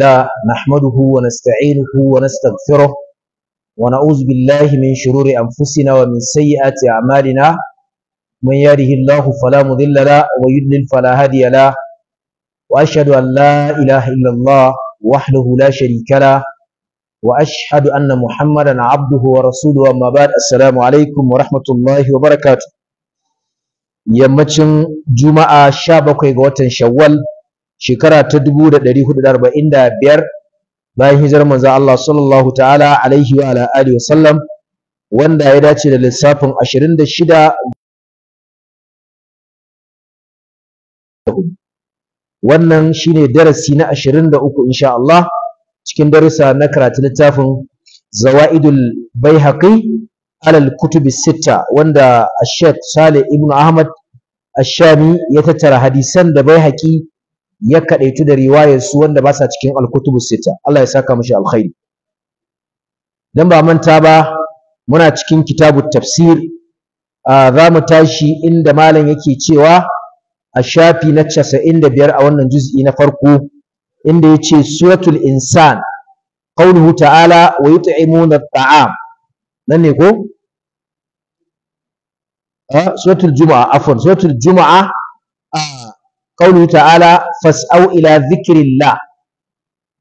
لا نحمده ونستعينه ونستغفره ونعوذ بالله من شرور أنفسنا ومن سيئات أعمالنا من يهده الله فلا مضل له ويضلل فلا هادي له وأشهد أن لا إله إلا الله وحده لا شريك له وأشهد أن محمدا عبده ورسوله أما بعد السلام عليكم ورحمة الله وبركاته يمتن جمعة شابك وتنشوال شوال shekara ta 1445 bayan hijirar manzo Allah sallallahu ta'ala alaihi wa ala alihi wasallam wanda ya dace da lissafin 26 wannan shine darasi na uku, insha Allah cikin darussa na karatu littafin zawaidul baihaqi alal kutubi sitta, wanda ash-shaykh Saleh ibn Ahmad ash-Shami ya tattara hadisan da baihaqi ya kadaitu da riwayar su wanda ba sa cikin alkutubu sita Allah ya saka mushi alkhairi dan ba manta ba muna cikin kitabut tafsir za mu tashi inda malam yake cewa a shafi na 95 a wannan juz'i na farko inda yace suratul insan qawluhu ta'ala wa yut'imuna at'am nan ne ko suratul juma'a afwan suratul juma'a qawlu ta'ala fas'au ila dhikrillah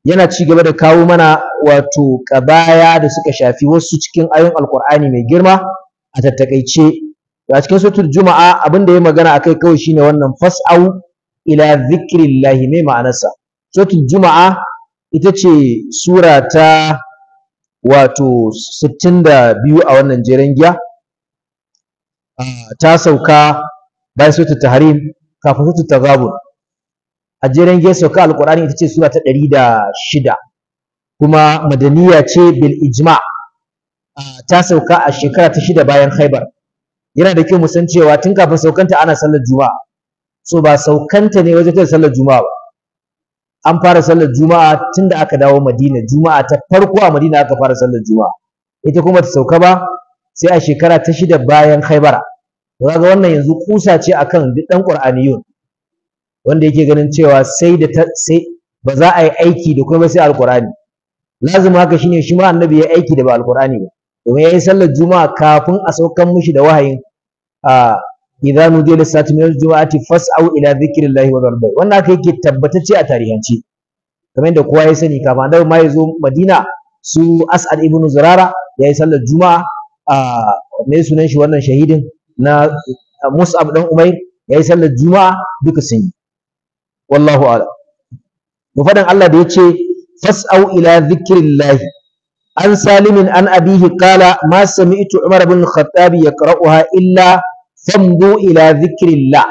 yana ci gaba da kawo mana wato kabaya da suka shafi wasu cikin ayoyin alqur'ani mai girma a tattakaice a cikin suratul juma'a abin da ya magana akai kawai shine wannan fas'au ila dhikrillah mai ma'anarsa suratul juma'a ita ce sura ta wato 62 a wannan jeren giya ta sauka bayan suratul tahrim kafin su tagabun a jeren gesu ka alqur'ani ita ce sura ta 106 kuma madaniya ce bil ijma ta sauka a shekara ta shida bayan khaibar yana da kyau mu san cewa tun kafin saukanta ana sallar juma'a so ba saukanta ne wajen sallar juma'a ba an fara sallar juma'a tun da aka dawo madina juma'a ta farko a madina aka fara sallar juma'a ita kuma ta sauka ba sai a shekara ta shida bayan khaibara kaga wannan yanzu kusa ce akan duk dan qur'aniyun wanda yake ganin cewa sai da sai ba za a yi aiki da kuma sai alqur'ani lazima haka shine shi ma annabi ya aiki da ba alqur'ani ba domin yayin sallar juma'a kafin a saukan mishi da wahayin a idza nudiya lis-salati min jumaati fas'au ila dhikrillahi wa dharbi wannan haka yake tabbatacce a tarihance kamar yadda kowa ya sani kafin annabi ma ya zo Madina su As'ad ibn Zurara yi sallar juma'a a me sunan shi wannan shahidin na Mus'ab dan Umair yayi sallar Juma'a duka sun yi wallahu a'lam mu fadan Allah da yace fas'au ila lahi. an salimin an abihi kala ma sami'tu Umar ibn Khattab yaqra'uha illa fambo ila la.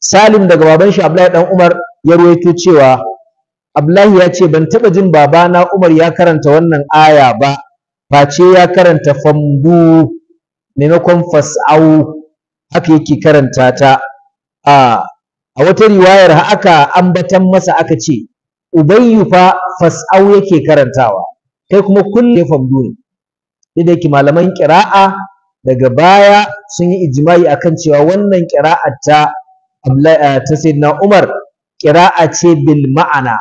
Salim daga baban shi Abdullahi dan Umar ya ruwaito cewa Abdullahi ya ce ban taɓa jin babana Umar ya karanta wannan aya ba face ya karanta fambu maimakon fas'au haka yake karanta ta a wata riwayar haka ambatan masa aka ce ubayyu fa fas'au yake karantawa kai kuma kulle famdu ne da yake malaman ƙira'a, daga baya sun yi ijma'i akan cewa wannan kira'ar ta eh, ta sayyidina Umar ƙira'a ce bil ma'ana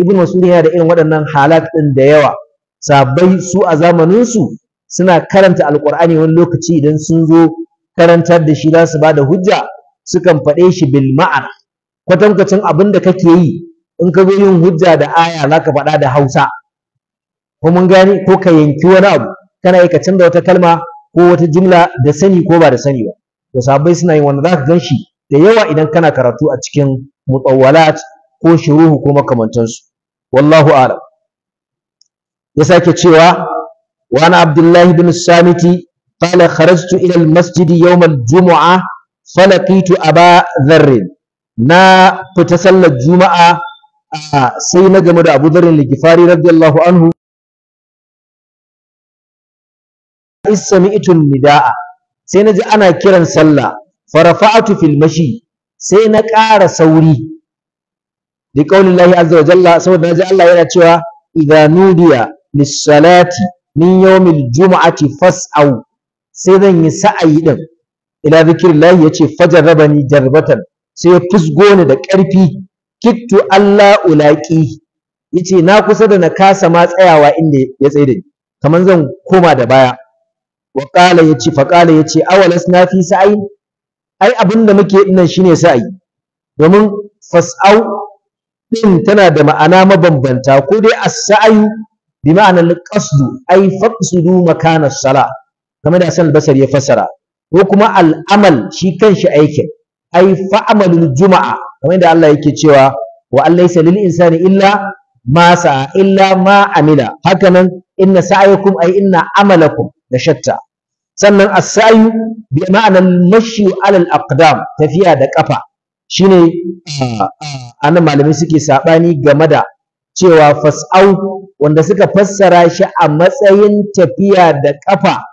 ibn mas'ud yana da irin waɗannan halat din da yawa sabai su a zamanin su suna karanta alqur'ani wani lokaci idan sun zo karantar da shi za su bada hujja sukan faɗe shi bil ma'ana kwatankwacin abin da kake yi in ka zo yin hujja da aya za ka faɗa da hausa ko mun gani ko ka yanki wani abu kana yi ka canza wata kalma ko wata jimla da sani ko ba da sani ba to sahabbai suna yin wani za ka gan shi da yawa idan kana karatu a cikin mutawwalat ko shuruhu ko makamantansu wallahu a'lam ya sake cewa وعن عبد الله بن الصامت قال خرجت إلى المسجد يوم الجمعة فلقيت أبا ذر نا فتسل الجمعة سينا جمد أبو ذر الجفاري رضي الله عنه سمعت النداء سينا أنا كيرا صلى فرفعت في المشي سينا كار سوري لقول الله عز وجل سوى الله يلا إذا نودي للصلاة min yawmil juma'ati fas'au sai zan yi sa'ayi din ila zikrillah yace fajarrabani jarbatan sai ya fusgo ni da ƙarfi kittu Allah ulaqi yace na kusa da na kasa ma tsayawa inda ya tsaye da ni kaman zan koma da baya wa qala yace fa qala yace awalasna fi sa'ayin ai abinda muke dinnan shine sa'ayi domin fas'au din tana da ma'ana mabambanta ko dai as-sa'yu bi ma'anar qasdu ay faqsudu makana sala kamar da Hassan al-Basri ya fassara ko kuma al'amal shi kanshi aikin ay fa'amalul juma'a kamar da Allah yake cewa wa allaysa lil insani illa ma sa'a illa ma amila hakanan inna sa'yakum ay inna amalakum da shatta sannan as-sa'yu bi ma'anar mashi alal aqdam tafiya da kafa shine anan malamai suke saɓani game da cewa fas'au wanda suka fassara shi a matsayin tafiya da kafa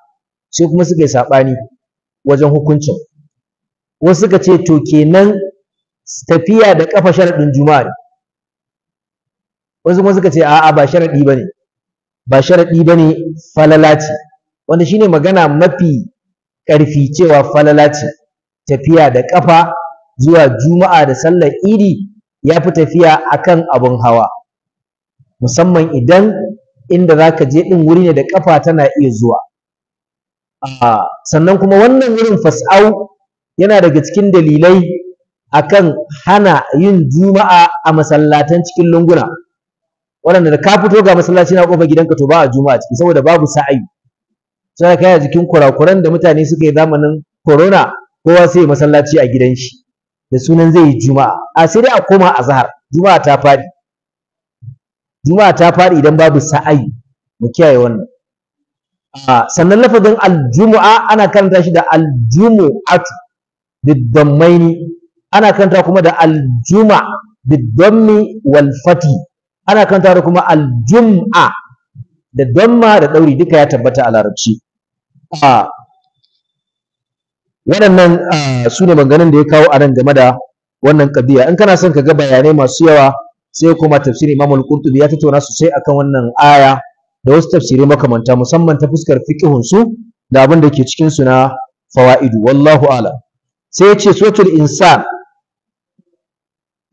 sai kuma suka yi saɓani wajen hukuncin wasu suka ce to kenan tafiya da ƙafa sharaɗin juma'a ne wasu kuma suka ce a'a ba sharaɗi ba ne ba sharaɗi ba ne falala ce wanda shine magana mafi ƙarfi cewa falala ce tafiya da ƙafa zuwa juma'a da sallar idi ya fi tafiya akan abun hawa musamman idan inda za ka je ɗin wuri ne da ƙafa tana iya zuwa sannan kuma wannan wurin fas'au yana daga cikin dalilai akan hana yin juma'a a masallatan cikin lunguna waɗanda da ka fito ga masallaci na ƙofar gidanka to ba a juma'a ciki saboda babu sa'ayi sai ka yi jikin kurakuran da mutane suka yi zamanin corona kowa sai masallaci a gidan shi da sunan zai yi juma'a a sai dai a koma azhar juma'a ta fadi juma'a ta faɗi idan babu sa'ayi mu kiyaye wannan ah, sannan lafazin aljumu'a ana karanta shi da aljumu'atu biddammaini ana karanta kuma da aljuma biddammi wal fati ana karanta da kuma aljum'a da damma da dauri duka ya tabbata a larabci ah, waɗannan ah, su ne maganganun da ya kawo a nan game da wannan kabiya in kana son ka ga bayanai masu yawa sai kuma tafsirin Imam al-Qurtubi ya tattauna sosai akan wannan aya da wasu tafsirai makamanta musamman ta fuskar fiqhun su da abin da ke cikin su na fawaidu wallahu a'lam sai yace suratul insan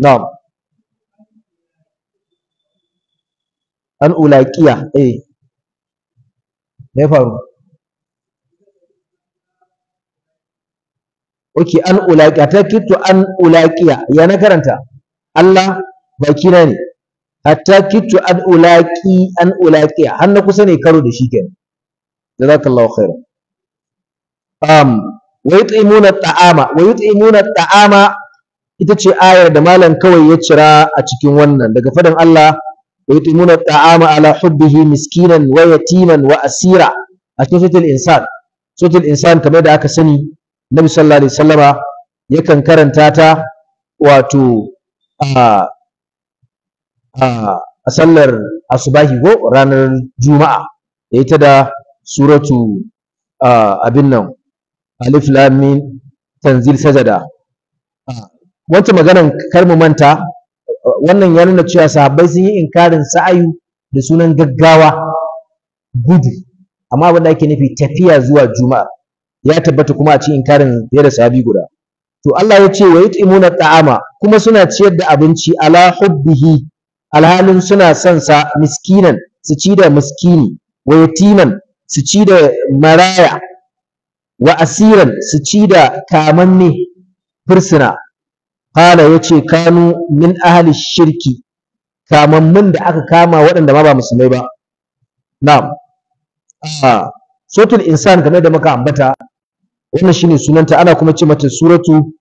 na'am an ulaqiya eh me faru okay an ulaqiya ta kitto an ulaqiya ya na karanta Allah bakina ne hatta kittu an ulaqi an ulaqi har na kusa ne karo da shi kenan jazakallahu khairan um wa yut'imuna at'ama wa yut'imuna at'ama ita ce ayar da malam kawai ya cira a cikin wannan daga fadan Allah wa yut'imuna at'ama ala hubbihi miskinan wa yatiman wa asira a cikin suratul insan suratul insan kamar da aka sani Nabi sallallahu alaihi wasallama yakan karanta ta wato a a sallar asubahi ko ranar juma'a ya ta da suratu abin nan alif lam tanzil sajada wancan maganan kar mu manta wannan ya nuna cewa sahabbai sun yi inkarin sa'ayu da sunan gaggawa gudu amma abin da ake nufi tafiya zuwa juma'a ya tabbata kuma a ci inkarin fiye da sahabi guda to Allah ya ce wa yut'imuna ta'ama kuma suna ciyar da abinci ala hubbihi alhalin suna son sa miskinan su ci da miskini wa yatiman su ci da maraya wa asiran su ci da kamanne fursuna ya yace kanu min ahli shirki kamammun da aka kama waɗanda ba ba musulmai ba na'am a ah, sotul insan kamar da muka ambata wannan shine sunanta ana kuma ce mata suratu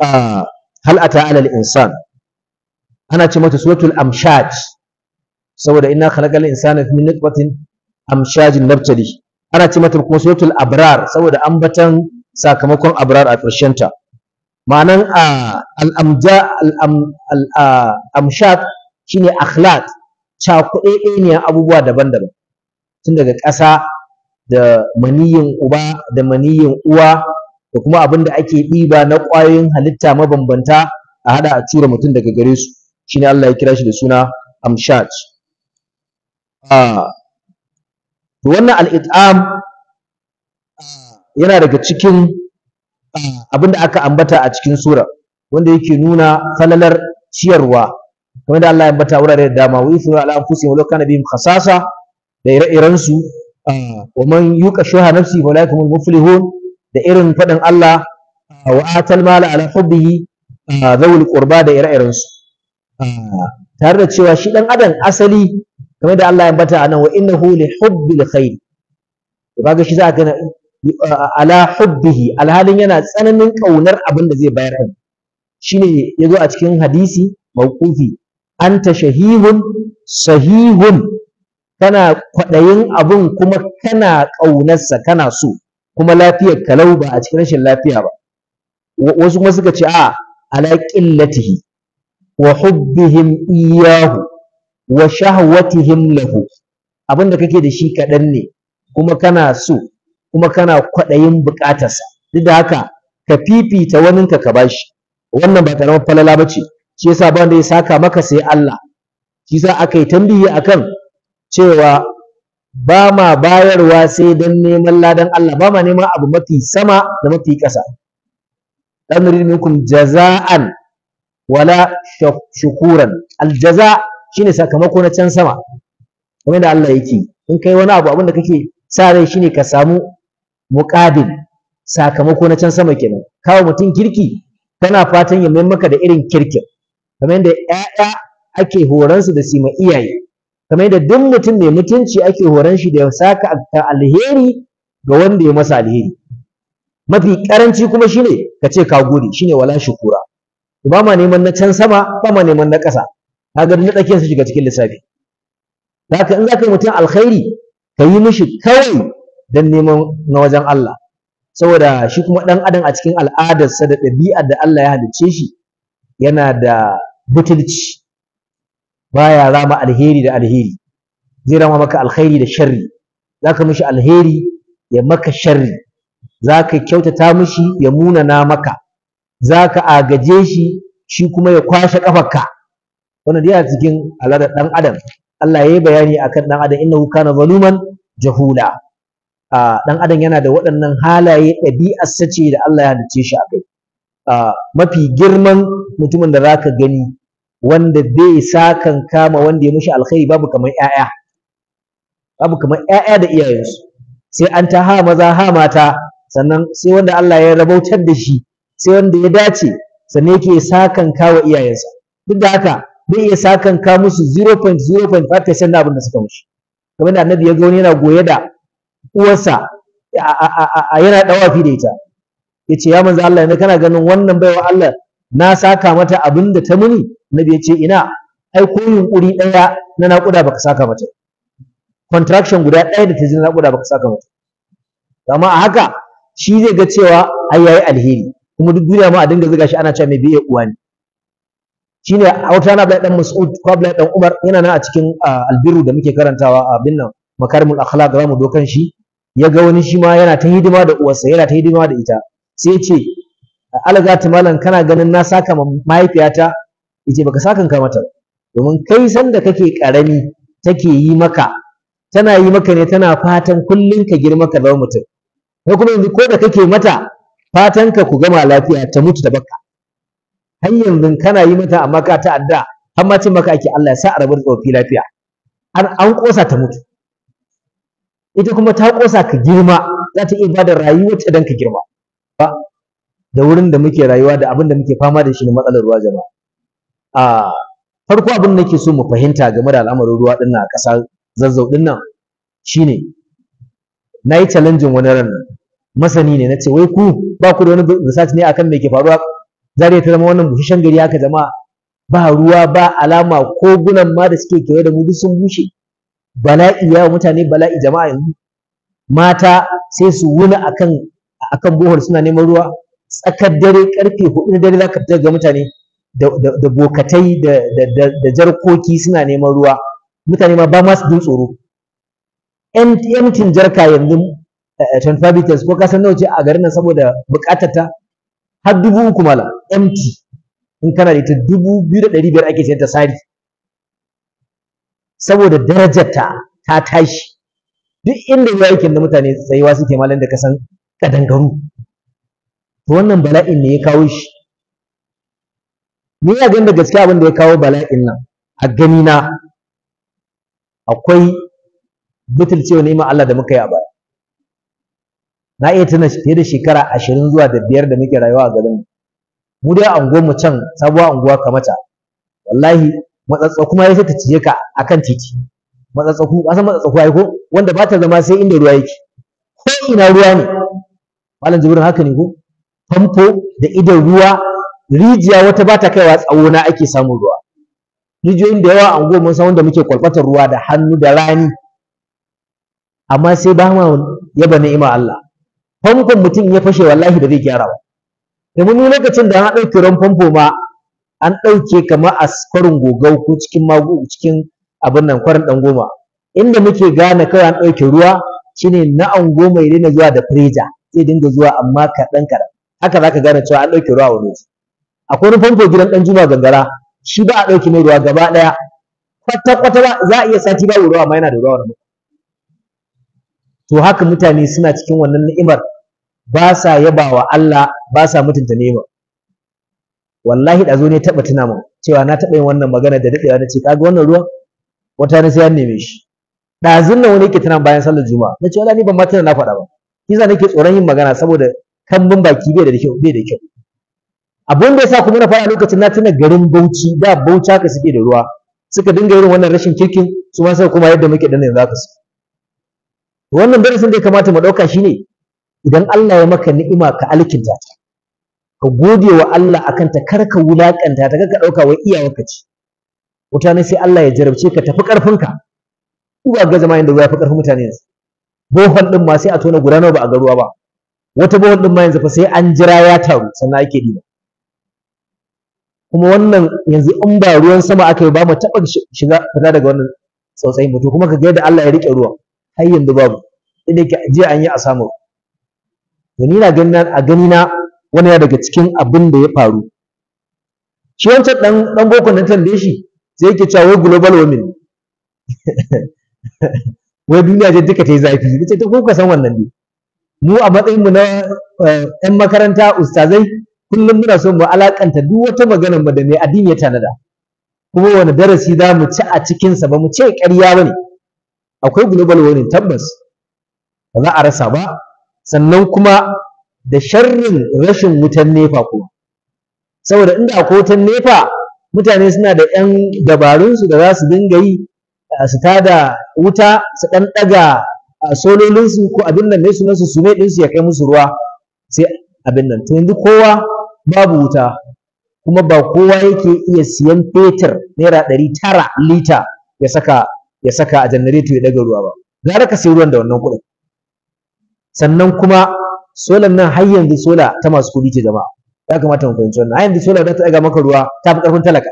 ah, hal ata alal insan ana ce mata suratul amshaj saboda inna khalaqal insana min nutfatin amshajin nabtali ana ce mata kuma suratul abrar saboda ambatan sakamakon abrar a ƙarshen ta ma'anan al'amja amshaj shine akhlaq cakuɗeɗeniyar abubuwa daban-daban tun daga ƙasa da maniyin uba da maniyin uwa da kuma abin da ake ɗiba na ƙwayoyin halitta mabambanta a haɗa a cura mutum daga gare su shine Allah ya kira shi da suna amshaj ah, to wannan al yana daga cikin ah, abin da aka ambata a cikin sura wanda yake nuna falalar ciyarwa kamar da Allah ya ambata wurare da dama wa yusuru ala anfusihim walau kana bihim khasasa da ire-iren su ah, wa man yuqa shuha nafsi fa ulaikum muflihun da irin faɗin Allah wa atal mala ala hubbihi dhawil qurba da ire-iren su tare da cewa shi dan adam asali kamar da Allah ya ambata anan wa innahu li hubbil khair to kaga shi za ka ala hubbihi alhalin yana tsananin kaunar abin da zai bayar shine yazo a cikin hadisi mawqufi anta shahihun sahihun kana kwadayin abun kuma kana kaunarsa kana so kuma lafiyar kalau ba a cikin rashin lafiya ba wasu kuma suka ce a ala qillatihi wa إياه iyahu wa shahwatihim lahu abinda kake da shi kaɗan ne kuma kana so kuma kana kwaɗayin buƙatarsa duk da haka ka fifita wani ka bashi wannan ba karamar falala ba ce shi yasa ba wanda ya saka maka sai Allah shi yasa aka yi akan cewa ba ma bayarwa sai don neman ladan Allah ba ma neman abu mafi sama da mafi ƙasa dan nurid minkum jaza'an wala shukuran aljaza shine sakamako na can sama kamar da Allah yake in kai wani abu abinda kake sa rai shine ka samu muqabil sakamako na can sama kenan kawo mutum kirki tana fatan ya maimaka da irin kirkin kamar yadda ƴaƴa ake su da sima iyaye kamar yadda duk mutum mai mutunci ake horan shi da saka alheri ga wanda ya masa alheri mafi karanci kuma shine ka ce ka gode shine wala shukura ba ma neman na can sama ba ma neman na ƙasa kaga na tsakiyar su shiga cikin lissafi haka in zaka mutum alkhairi ka yi mishi kawai dan neman na wajen Allah saboda shi kuma ɗan adam a cikin al'adarsa da ɗabi'ar da Allah ya halicce shi yana da butulci baya rama alheri da alheri zai rama maka alkhairi da sharri zaka mishi alheri ya maka sharri zaka kyautata mishi ya munana maka za ka agaje shi shi kuma ya kwashe ƙafarka wannan dai a cikin al'adar ɗan adam Allah ya yi bayani akan ɗan adam innahu kana zaluman jahula ɗan adam yana da waɗannan halaye ɗabi'ar sace da Allah ya halicce shi a kai mafi girman mutumin da zaka gani wanda bai sakan kama wanda ya mishi alkhairi babu kamar ƴaƴa babu kamar ƴaƴa da iyayensu sai an ta ha maza ha mata sannan sai wanda Allah ya rabautar da shi sai wanda ya dace sannan yake sakanka wa iyayensa duk da haka bai iya sakan ka musu 0.0.5% na abin da suka mushi kamar da annabi ya ga wani yana goye da uwarsa a yana dawafi da ita yace ya manzo Allah yanzu kana ganin wannan baiwa Allah na saka mata abin da ta muni annabi ya ce ina ai ko yunkuri daya na naƙuda baka saka mata contraction guda ɗaya da ta ji naƙuda baka saka mata amma a haka shi zai ga cewa ai yayi alheri kuma duk duniya ma a dinga zuga shi ana cewa mai biye uwa ne shine a wata na Abdullahi dan Mas'ud ko Abdullahi dan Umar yana nan a cikin albiru da muke karantawa a bin makarimul akhlaq zamu dokan shi ya ga wani shi ma yana ta hidima da uwarsa yana ta hidima da ita sai ya ce algati malam kana ganin na saka mahaifiyata yace baka sakan ka mata domin kai sanda kake karami take yi maka tana yi maka ne tana fatan kullun ka girma ka zama mutum ko kuma yanzu ko da kake mata fatanka ku gama lafiya ta mutu da baka har yanzu kana yi mata amma ka ta adda har ma cin maka ake Allah ya sa a rabu tsofi lafiya an an kosa ta mutu ita kuma ta kosa ka girma za ta iya bada ta dan ka girma ba da wurin da muke rayuwa da abin da muke fama da shi ne matsalar ruwa jama'a a farko abin da nake so mu fahimta game da al'amarin ruwa dinnan a ƙasa zazzau dinnan shine na yi challenging wani ran nan masani ne na ce wai ku ba ku da wani research ne akan me ke faruwa zariya ta zama wannan bushashen gari haka jama'a ba ruwa ba alama ko gunan ma da suke kewaye da mu duk sun bushe bala'i ya mutane bala'i jama'a yanzu mata sai su wuna akan akan bohol suna neman ruwa tsakar dare karfe hudu na dare za ka ga mutane da bokatai da jarkoki suna neman ruwa mutane ma ba ma su jin tsoro emtin jarka yanzu 25 eh, eh, liters ko kasan nawa ce a garin nan saboda buƙatar ta har dubu uku mala empty in kana da ita dubu biyu da ɗari biyar ake sayar ta sari saboda darajar ta ta tashi duk inda ya aikin da mutane tsayuwa suke malam da kasan kadangaru to wannan bala'in ne ya kawo shi ni ya ganin da gaskiya abin da ya kawo bala'in nan a gani na akwai ne ma Allah da muka yi a baya na iya tuna fiye da shekara ashirin zuwa da biyar da muke rayuwa a garin mu dai anguwar mu can sabuwa anguwa kamata wallahi matsatsa kuma sai ta cije ka akan titi ku? ka san Matsatsa ai ko wanda ba ta zama sai inda ruwa yake ko ina ruwa ne malam jibrin haka ne ko famfo da idan ruwa rijiya wata ba ta kaiwa tsawo na ake samun ruwa rijiyoyin da yawa a unguwar mun san wanda muke kwalbatar ruwa da hannu da rani amma sai ba ma yaba ni'ima Allah famfon mutum ya fashe wallahi da zai gyara ba domin ni lokacin da na ɗauke ran famfo ma an ɗauke kamar a kwarin gogau ko cikin mago cikin abin nan kwarin ɗan goma inda muke gane kawai an ɗauke ruwa shine na an goma ya daina zuwa da freja zai dinga zuwa amma kaɗan kaɗan haka za ka gane cewa an ɗauke ruwa a akwai wani famfo gidan ɗan juma gangara shi ba a ɗauke mai ruwa gaba ɗaya kwata kwata za a iya sati ba ruwa amma yana da ruwa wani to haka mutane suna cikin wannan ni'imar ba sa yaba wa Allah ba sa mutunta ni'ima wallahi da zo ne taɓa tuna min cewa na taɓa yin wannan magana da dadewa na ce kaga wannan ruwan wata na sai an neme shi ɗazun nan wani yake tana bayan sallar juma'a na ce wallahi ban ma tana na faɗa ba kisa nake tsoron yin magana saboda kambun baki bai da kyau bai da kyau abin da yasa kuma na fara lokacin na tuna garin Bauchi da Bauchi ka suke da ruwa suka dinga irin wannan rashin kirkin su ma sai kuma yadda muke dan yanzu ka su wannan darasin da ya kamata mu ɗauka shine idan Allah ya maka ni'ima ka alkinta ta ka gode wa Allah akan ta kar ka wulakanta ta kar ka ɗauka wai iyayenka ce mutane sai Allah ya jarabce ka tafi ƙarfinka ba ga zama yanda ya fi ƙarfin mutane yanzu bohol ɗin ma sai a tona guda nawa ba a ga ruwa ba wata bohol din ma yanzu fa sai an jira ya taru sannan ake diba kuma wannan yanzu in ba ruwan sama aka yi ba mu taɓa shiga fita daga wannan tsautsayin mutu kuma ka ga yadda Allah ya riƙe ruwan har yanzu babu inda ke je an yi a samu to ni na gani a gani na wani daga cikin abin da ya faru shi wancan dan dan boko nan tambaye shi sai yake cewa wai global warming wai duniya ce duka ta yi zafi nace ta ko san wannan ne mu a matsayin mu na yan eh, makaranta ustazai kullum muna so mu alakanta duk wata magana mu da mai addini ya tanada kuma wani darasi za mu ci a cikinsa ba mu ce ƙarya ba ne akwai global warming tabbas ba za a rasa ba sannan kuma da sharrin rashin wutan nefa kuma saboda inda akwai wutan nefa mutane suna da 'yan dabarunsu da za su dinga yi eh, su tada wuta su ɗan ɗaga eh, sololinsu ko abin nan ne sunansu su mai ɗinsu ya kai musu ruwa sai abin nan to yanzu kowa babu wuta kuma ba kowa yake iya siyan fetur naira ɗari tara lita ya saka ya saka a janareto ya daga ruwa ba gara ka sai ruwan da wannan kuɗin sannan kuma solar nan har yanzu sola ta masu kuɗi ce jama'a ya kamata mu fahimci wannan har yanzu sola za ta daga maka ruwa ta fi ƙarfin talaka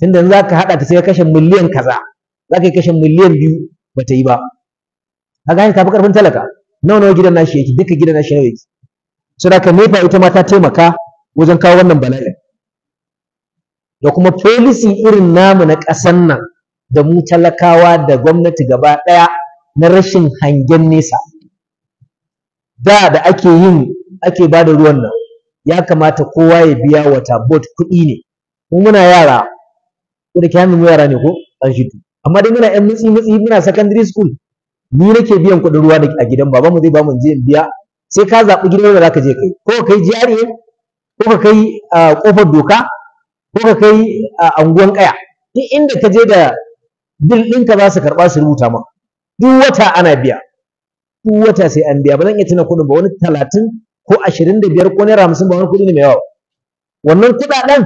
tunda yanzu za ka haɗa ta sai kashe miliyan kaza za ka yi kashe miliyan biyu ba ta yi ba kaga ta fi ƙarfin talaka nawa nawa gidan nashi yake duka gidan nashi nawa yake so da ka nefa ita ma ta taimaka wajen kawo wannan bala'in da kuma policy irin namu na ƙasan nan da mu talakawa da gwamnati gaba ɗaya na rashin hangen nesa da da ake yin ake ba da ruwan nan ya kamata kowa ya biya wata bot kuɗi ne mu muna yara ko da kyanin mu yara ne ko an shitu amma dai muna yan mutsi mutsi muna secondary school ni nake biyan kuɗin ruwa a gidan baba mu zai ba mu je biya sai ka zaɓi gidan da zaka je kai ko ka kai jari ko ka kai kofar ah, doka ko ka kai anguwan ah, kaya duk inda ka je da bil ɗinka za su karɓa su rubuta ma duk wata ana biya duk wata sai an biya ba zan iya tuna kuɗin ba wani talatin ko ashirin da biyar ko naira hamsin ba wani kuɗi ne mai yawa wannan kuɗaɗen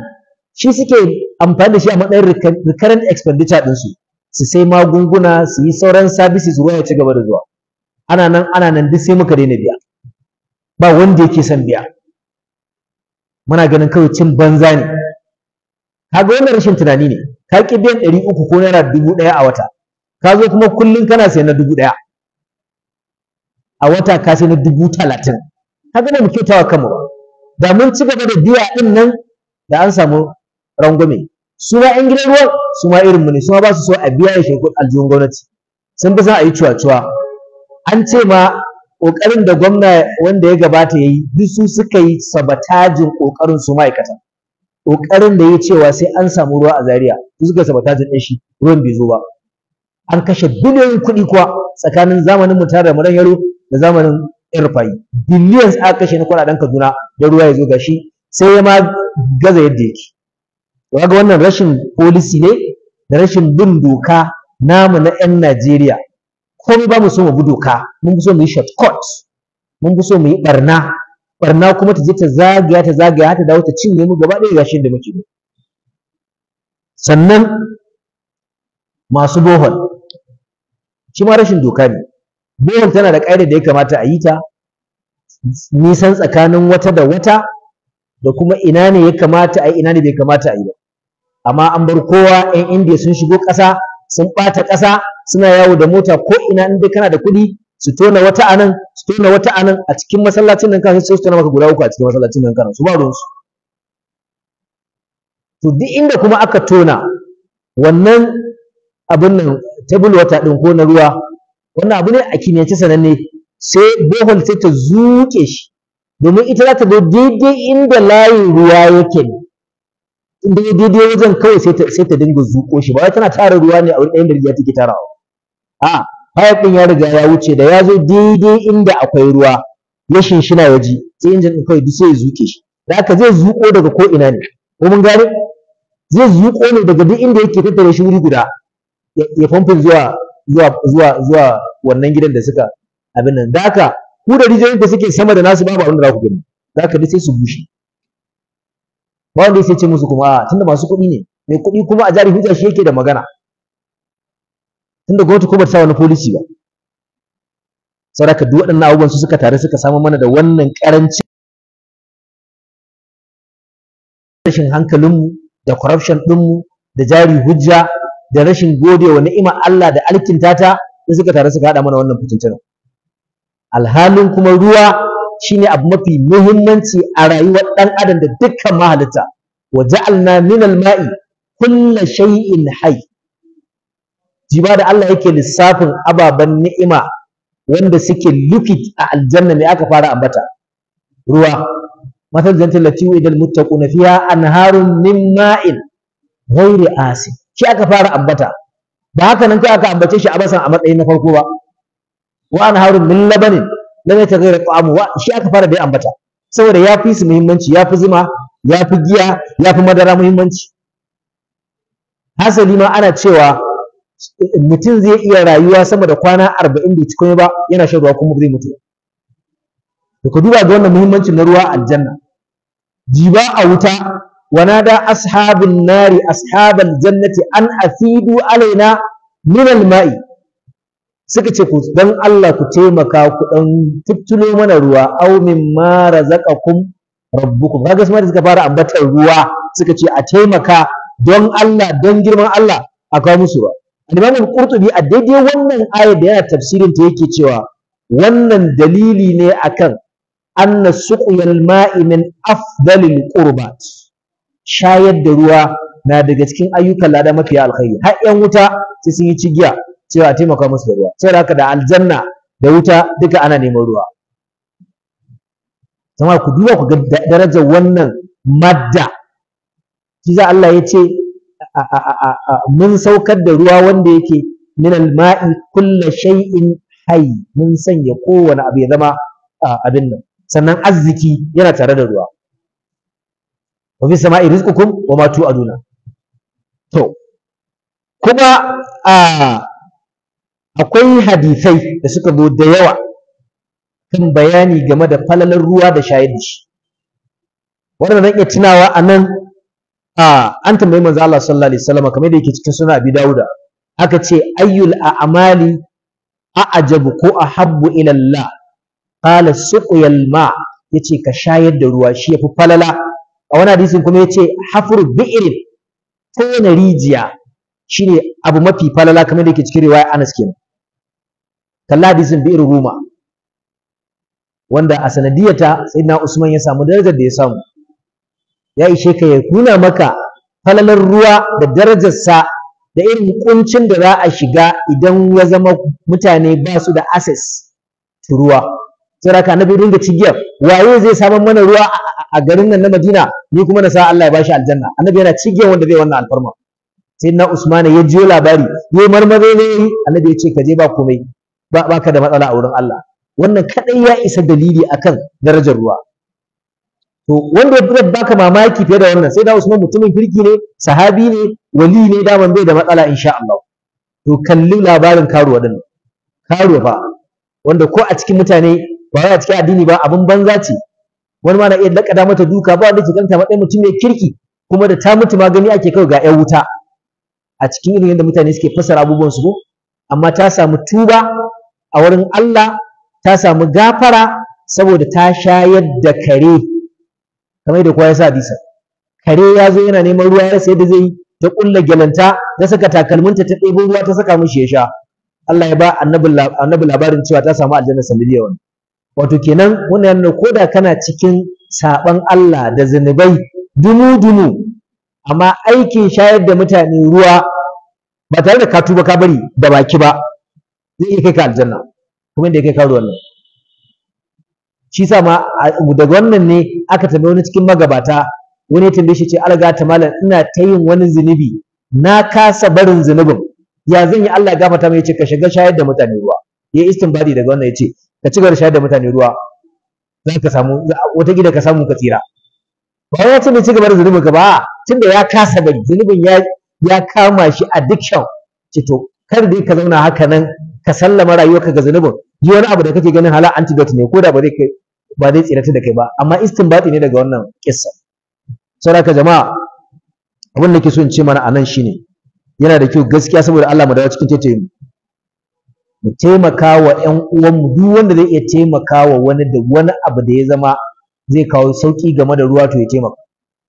shi suke amfani da shi a matsayin recurrent expenditure ɗinsu su sai magunguna su yi sauran services ruwa ya ci gaba da zuwa ana nan ana nan duk sai muka daina biya ba wanda yake son biya muna ganin kawai cin banza ne kaga wannan rashin tunani ne ka ƙi biyan ɗari uku ko naira dubu ɗaya a wata ka zo kuma kullum kana sai na dubu ɗaya a wata ka sai na dubu talatin haka ne mu kyautawa kanmu ba da mun ci gaba da biya ɗin nan da an samu rangwame su ma ƴan gidan ruwan su ma irin mu ne su ma ba su so a biya ya shekul aljihun gwamnati sun fi son a yi cuwa-cuwa an ce ma ƙoƙarin da gwamna wanda ya gabata ya yi duk su suka yi sabatajin ƙoƙarin su ma'aikata ƙoƙarin da ya cewa sai an samu ruwa a Zaria suka sabotajin jin shi ruwan bai zo ba an kashe biliyoyin kuɗi kuwa tsakanin zamanin mutar da muran yaro da zamanin Irfai, billions aka kashe na kuɗaɗen Kaduna da ruwa ya zo gashi sai ya ma gaza yadda yake to kaga wannan rashin policy ne da rashin bin doka namu na 'yan Najeriya komai ba mu so mu bi doka mun fi so mu yi shortcut mun fi so mu yi barna barna kuma ta je ta zagaya ta zagaya ta dawo ta cinye mu gaba ɗaya gashin da muke sannan masu bohol shi ma rashin doka ne bohol tana da ƙa'ida da ya kamata a yi ta nisan tsakanin wata da wata da kuma ina ne ya kamata a yi ina ne bai kamata a yi ba amma an bar kowa 'yan indiya sun shigo ƙasa sun ɓata ƙasa suna yawo da mota ko ina inda kana da kuɗi su tona wata anan su tona wata anan a cikin masallacin nan kansu sai su tona maka guda uku a cikin masallacin nan kansu ba ruwansu to duk inda kuma aka tona wannan abin nan table water din ko na ruwa wannan abu ne a kimiyyance sananne sai bohol sai ta zuke shi domin ita za ta zo daidai inda layin ruwa yake ne inda ya daidai wajen kawai sai ta dinga zuƙo shi ba wai tana tara ruwa ne a wani ɗayan da rijiya take tarawa a pipe ɗin ya riga ya wuce da ya zo daidai inda akwai ruwa ya shinshina ya ji sai injin ɗin kawai sai ya zuke shi da haka zai zuƙo daga ko ina ne ko mun gane zai zuƙo ne daga duk inda yake tattara shi wuri guda ya famfin zuwa zuwa zuwa zuwa wannan gidan da suka abin nan da haka ku da rijiyoyin da suke sama da nasu babu abin da za ku gani da haka sai su bushe ba wanda sai ce musu kuma a tunda masu kuɗi ne mai kuɗi kuma a jari hujja shi yake da magana tunda gwamnati ko ba sa wani policy ba saboda duk waɗannan abubuwan su suka tare suka samu mana da wannan karanci rashin hankalinmu da corruption ɗinmu da jari hujja da rashin gode wa ni'imar Allah da alkinta ta da suka tare suka haɗa mana wannan fitintina alhalin kuma ruwa shine abu mafi muhimmanci a rayuwar ɗan adam da dukkan mahalitta wa ja'alna min mai kullu shay'in hayy jiba da Allah yake lissafin ababen ni'ima wanda suke lifit a aljanna me aka fara ambata ruwa matal jannatin lati idal muttaquna fiha anharun min ma'in ghairi asin shi aka fara ambata ba haka nan kai aka ambace shi a basan a matsayin na farko ba wa anharun min labanin lam yataghayyar ta'amu wa shi aka fara bai ambata saboda ya fi su muhimmanci ya fi zuma ya fi giya ya fi madara muhimmanci hasali ma ana cewa mutum zai iya rayuwa sama da kwana arba'in bai ci komai ba yana shan ruwa kuma zai mutu to ka duba ga wannan muhimmancin na ruwa aljanna jiba a wuta ونادى أصحاب nari ashabal jannati an أفيدوا Alaina, min alma'i suka ce ku dan Allah ku taimaka ku dan tuttulo mana ruwa aw ma razaqakum rabbukum kaga sai da suka fara ambatar ruwa suka ce a taimaka don Allah don girman Allah a kawo musu ruwa al-imam qurtubi a daidai wannan aya da yana tafsirin ta yake cewa wannan dalili ne akan anna suqyal ma'i min afdalil qurbat shayar da ruwa na daga cikin ayyukan lada mafiya alkhairi har yan wuta sai sun yi cigiya cewa taimaka musu da ruwa saboda haka da aljanna da wuta duka ana neman ruwa jama'a ku duba ku ga darajar wannan madda kiza Allah ya ce mun saukar da ruwa wanda yake minal ma'i kulla shay'in hayy mun sanya kowane abu ya zama abin nan sannan arziki yana tare da ruwa wa fi sama'i rizqukum wa ma tu'aduna to kuma akwai hadisai da suka zo da yawa kan bayani game da falalar ruwa da shayar da shi wannan zan iya tunawa a nan an tambayi manzo Allah sallallahu alaihi wasallam kamar da yake cikin sunan Abi Dawud aka ce ayyul a'mali a'jabu ko ahabbu ila Allah qala suqyal ma yace ka shayar da ruwa shi yafi falala a wani hadisin kuma yace hafru bi'rin na rijiya shine abu mafi falala kamar da yake cikin riwaya Anas kenan kalla hadisin bi'ir ruma wanda a sanadiyata sayyidina Usman ya samu darajar da ya samu ya ishe ka ya nuna maka falalar ruwa da darajarsa da irin kuncin da za a shiga idan ya zama mutane ba su da access to ruwa raka annabi dinga cigiyar waye zai samar mana ruwa a garin nan na Madina ni kuma na sa Allah ya bashi aljanna annabi yana cigiyar wanda zai wannan alfarma sai na Usman ya jiyo labari ya marmare ne annabi ya ce ka je ba komai ba ka da matsala a wurin Allah wannan kadai ya isa dalili akan darajar ruwa to wanda ya fitar baka mamaki fiye da wannan sai da Usman mutumin kirki ne sahabi ne wali ne daman bai da matsala insha Allah to kalli labarin karuwa din karuwa fa wanda ko a cikin mutane ba a cikin addini ba abin banza ce wani ma na iya lakada mata duka ba wanda ke kanta ɗaya mutum mai kirki kuma da ta mutu magani ake kawai ga ƴan wuta a cikin irin yadda mutane suke fasara abubuwan su amma ta samu tuba a wurin Allah ta samu gafara saboda ta shayar da kare kamar da kowa ya sa hadisa kare ya zo yana neman ruwa ya rasa yadda zai da ta kulla gyalanta ta saka takalminta ta ɗebo ruwa ta saka mishi ya sha Allah ya ba annabi labarin cewa ta samu aljanna sanadiyar wannan wato kenan wannan yana ko da kana cikin saban Allah da zunubai dumu dumu amma aikin shayar da mutane ruwa ba tare da ka tuba ka bari da baki ba zai iya kai ka aljanna kuma da ya kai ka ruwan nan shi sa ma daga wannan ne aka tambaye wani cikin magabata wani ya tambaye shi ce alga ta malam ina ta yin wani zunubi na kasa barin zunubin ya zan yi Allah ya gafarta mai ce ka shiga shayar da mutane ruwa ya istinbadi daga wannan ya ce ka ci gaba da shayar da mutane ruwa za ka samu wata gida ka samu ka tsira ba ya ce mai ci gaba da zunubin ka ba tunda ya kasa bari zunubin ya ya kama shi addiction ce to kar dai ka zauna haka nan ka sallama rayuwarka ga zunubin yi wani abu da kake ganin hala antidote ne ko da ba zai kai ba zai tsirata da kai ba amma istinbati ne daga wannan kissa saboda jama'a abin da ke so in ce mana anan shine yana da kyau gaskiya saboda Allah mu dawo cikin tetayin mu taimaka wa ƴan uwanmu duk wanda zai iya taimaka wa wani da wani abu da ya zama zai kawo sauki game da ruwa to ya taimaka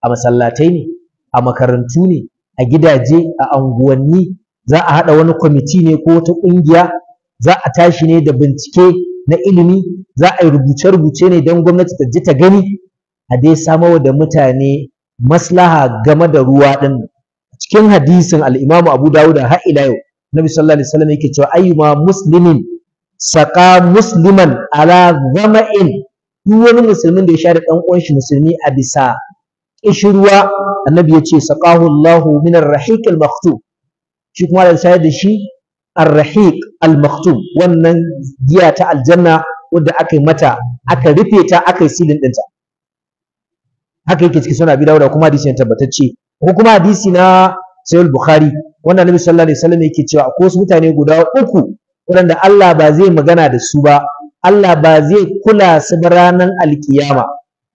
a masallatai ne a makarantu ne a gidaje a anguwanni za a haɗa wani kwamiti ne ko wata ƙungiya za a tashi ne da bincike na ilimi za a yi rubuce-rubuce ne don gwamnati ta ji ta gani a dai samar da mutane maslaha game da ruwa ɗin cikin hadisin al'imamu abu dawud har ila yau nabi sallallahu alaihi wasallam yake cewa ayyuma muslimin saka musliman ala zama'in duk wani musulmin da ya share dan uwan shi musulmi a bisa kishirwa annabi ya ce saqahu Allahu minar rahiqil maktub shi kuma da shayar da shi ar-rahiq al wannan giya ta aljanna wanda aka mata aka rufe ta aka yi silin ɗinta haka yake cikin sunan abi dawuda kuma hadisi ne tabbatacce ko kuma hadisi na sahih bukhari wannan nabi sallallahu alaihi wasallam yake cewa ko wasu mutane guda uku waɗanda Allah ba zai magana da su ba Allah ba zai kula su ba ranar alkiyama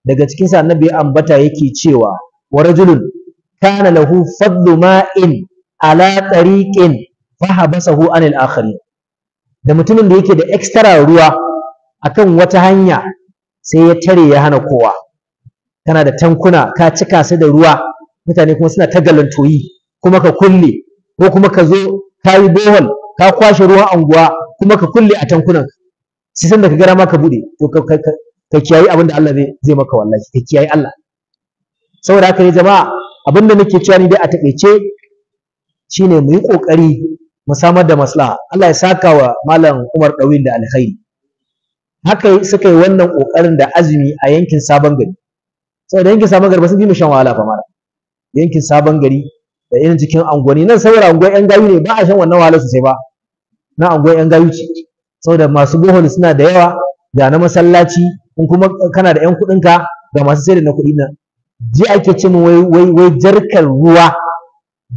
daga cikin sa annabi ambata yake cewa wa rajulun kana lahu fadlu ma'in ala tariqin fahabasahu anil akhari da mutumin da yake da extra ruwa akan wata hanya sai ya tare ya hana kowa kana da tankuna ka cika su da ruwa mutane kuma suna ta galantoyi kuma ka kulle ko kuma ka zo ka yi bohol ka kwashe ruwan anguwa kuma ka kulle a tankunan sai san da ka gara ma ka bude to ka kiyayi abin da Allah zai maka wallahi ka kiyayi Allah saboda haka ne jama'a abin da nake cewa ni dai a takaice shine mu yi kokari mu samar da maslaha Allah ya saka wa malam Umar Dawin da alkhairi haka suka yi wannan kokarin da azumi a yankin Sabon Gari saboda yankin Sabon Gari ba sun fi mu shan wahala fa mara yankin Sabon Gari da irin cikin angwani nan saboda anguwar yan gayu ne ba a shan wannan wahala sosai ba na anguwar yan gayu ce saboda masu bohol suna da yawa ga na masallaci in kuma kana da yan kuɗinka ga masu sayar da na kuɗi nan ji ake ce wai wai jarkar ruwa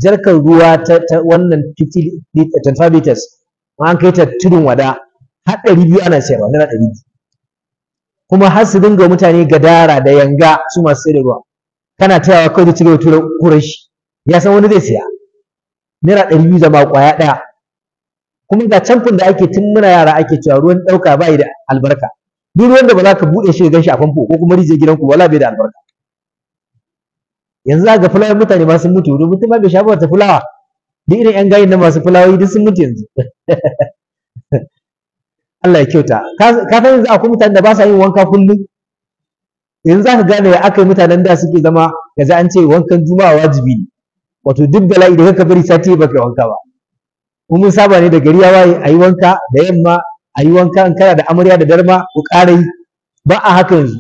jarkar ruwa ta wannan 25 liters an kai ta tudun wada har ɗari biyu ana sayarwa naira ɗari biyu kuma har su dinga mutane gadara da yanga su masu sayar da ruwa kana tayawa kawai da cire tura kurashi ya san wani zai siya naira ɗari biyu zama ƙwaya ɗaya kuma ga camfin da ake tun muna yara ake cewa ruwan ɗauka ba da albarka duk ruwan da ba za ka buɗe shi ga shi a famfo ko kuma rijiyar gidanku wala bai da albarka yanzu za ga fulawar mutane masu sun mutu mutum ma bai shafa wata fulawa duk irin yan gayin na masu fulawoyi duk sun mutu yanzu Allah ya kyauta ka san yanzu akwai mutanen da ba sa yin wanka kullum yanzu za ka gane ya aka yi mutanen da suke zama ka ji an ce wankan juma'a wajibi ne wato duk bala'i da kaka bari sati ba kai wanka ba kuma mun saba ne da gari ya waye a yi wanka da yamma a yi wanka in kana da amarya da darma ku ƙara yi ba a haka yanzu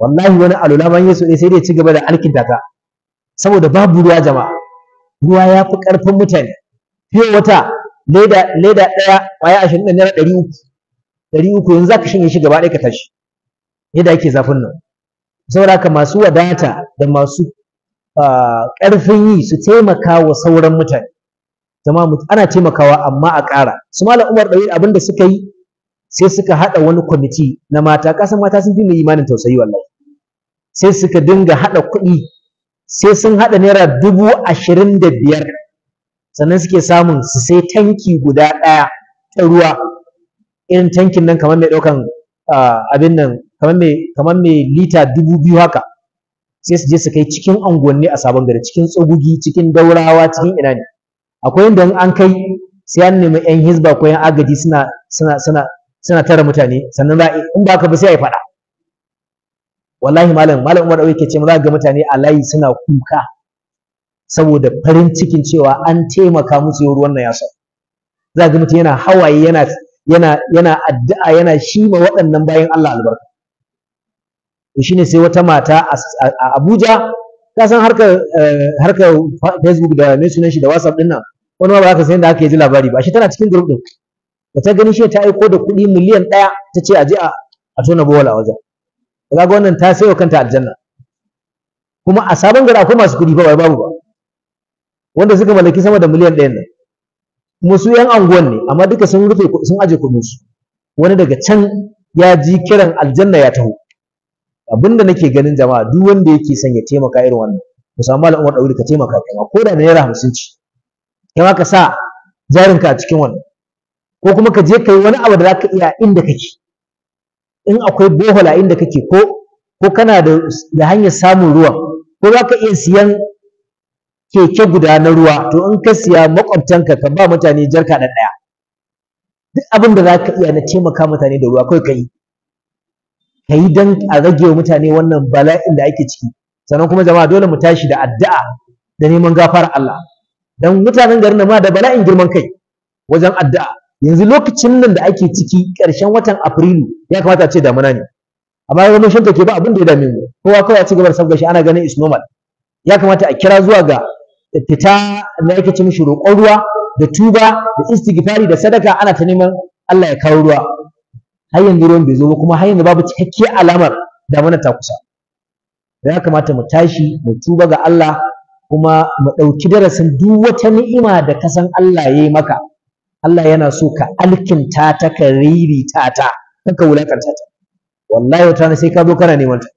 wallahi wani alulaman ma ne sai dai ci gaba da alkinta ta saboda babu ruwa jama'a ruwa ya fi ƙarfin mutane fiye wata leda leda ɗaya ƙwaya ashirin da naira ɗari uku ɗari uku yanzu za ka shanye shi gaba ɗaya ka tashi yadda ake zafin nan saboda haka masu wadata da masu ƙarfin yi su taimaka wa sauran mutane jama'a ana taimakawa amma a ƙara su malam umar ɗauyi abin da suka yi sai suka haɗa wani kwamiti na mata kasan mata sun fi mai imanin tausayi wallahi sai suka dinga haɗa kuɗi sai sun haɗa naira dubu ashirin da biyar sannan suke samun su sai tanki guda ɗaya ta ruwa irin tankin nan kamar mai ɗaukan abin nan kamar mai lita dubu biyu haka sai su je su kai cikin unguwanni a sabon gari cikin tsogugi cikin daurawa cikin ina ne akwai inda an kai sai an nemi yan hisba ko yan agaji suna tara mutane sannan za in ba ka bi sai a yi faɗa wallahi malam malam Umar Dauye ke ce za ga mutane a layi suna kuka saboda farin cikin cewa an taimaka musu yau ruwan nan ya sauka za ga mutum yana hawaye yana yana yana addu'a yana shima waɗannan bayan Allah albarka to shine sai wata mata a Abuja ka san harkar eh, harkar Facebook da ne sunan shi da WhatsApp din nan wani ma ba ka san da aka ji labari ba shi tana cikin group din da ta gani shi ta aiko da kuɗi miliyan ɗaya ta ce a je a tona bola wajen kaga wannan ta sayo kanta aljanna kuma a sabon gari akwai masu kuɗi ba babu ba wanda suka mallaki sama da miliyan ɗayan nan kuma yan anguwan ne amma duka sun rufe sun aje kuɗin su wani daga can ya ji kiran aljanna ya taho abinda nake ganin jama'a duk wanda yake son ya taimaka irin wannan ku samu malam Umar Dauri ka taimaka kai ma ko da naira 50 ce kai ka sa jarinka a cikin wannan ko kuma ka je kai wani abu da zaka iya inda kake in akwai bohol a inda kake ko ko kana da hanyar samun ruwa ko za ka iya siyan keke guda na ruwa to in ka siya makwabtanka ka ba mutane jarka da ɗaya duk abin da za ka iya na taimaka mutane da ruwa kawai ka yi ka yi don a rage wa mutane wannan bala'in da ake ciki sannan kuma jama'a dole mu tashi da addu'a da neman gafara Allah dan mutanen garin ma da bala'in girman kai wajen addu'a yanzu lokacin nan da ake ciki ƙarshen watan afrilu ya kamata a ce damuna ne amma yanzu mun ke ba abin da ya dame mu kowa kawai a ci gaba da ana ganin is normal ya kamata a kira zuwa ga fita na yake ci mishi roƙon ruwa da tuba da istighfari da sadaka ana ta neman Allah ya kawo ruwa har yanzu ruwan bai zo ba kuma har yanzu babu cikakkiyar alamar damuna ta kusa ya kamata mu tashi mu tuba ga Allah kuma mu ɗauki darasin duk wata ni'ima da kasan Allah ya yi maka Allah yana so ka alkinta ta ka ririta ta kanka wulakanta ta wallahi wata sai ka zo kana neman ta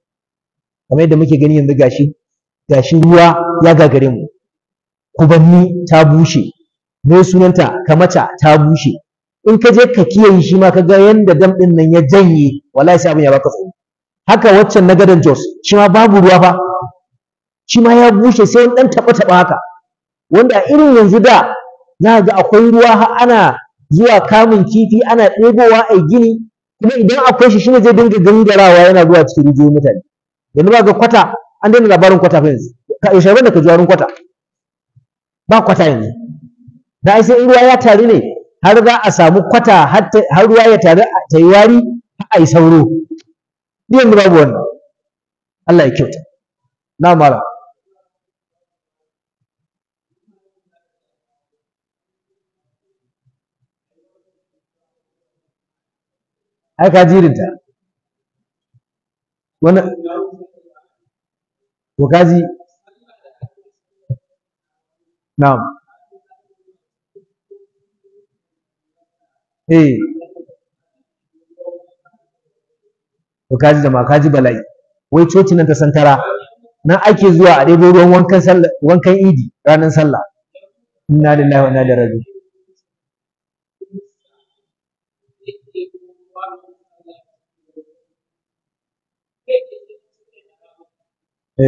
kamar yadda muke gani yanzu gashi gashi ruwa ya gagare mu kubanni ta bushe me sunanta kamata ta bushe in ka je ka kiyaye shi ma ka ga yanda dam din nan ya janye wallahi sai abin ya baka tsoro haka waccan na gadon Jos shi ma babu ruwa fa shi ma ya bushe sai wani dan taba taba haka wanda irin yanzu da za ga akwai ruwa ana zuwa kamun kifi ana ɗebowa a gini kuma idan akwai shi shine zai dinga gangarawa yana zuwa cikin rijiyoyin mutane yanzu ba ga kwata an daina labarin kwata fa yanzu ka yi ban da ka juwarin kwata ba kwata yanzu da ai sai ruwa ya taru ne har za a samu kwata har ruwa ya taru ta yi wari a yi sauro yanzu babu wannan Allah ya kyauta na mara ai ka jirinta wani ka ji na'am eh ka ji da ma ji bala'i wai coci nan ta santara nan ake zuwa a ɗebo ruwan wankan idi ranar sallah inna lillahi wa inna ilaihi raji'un eh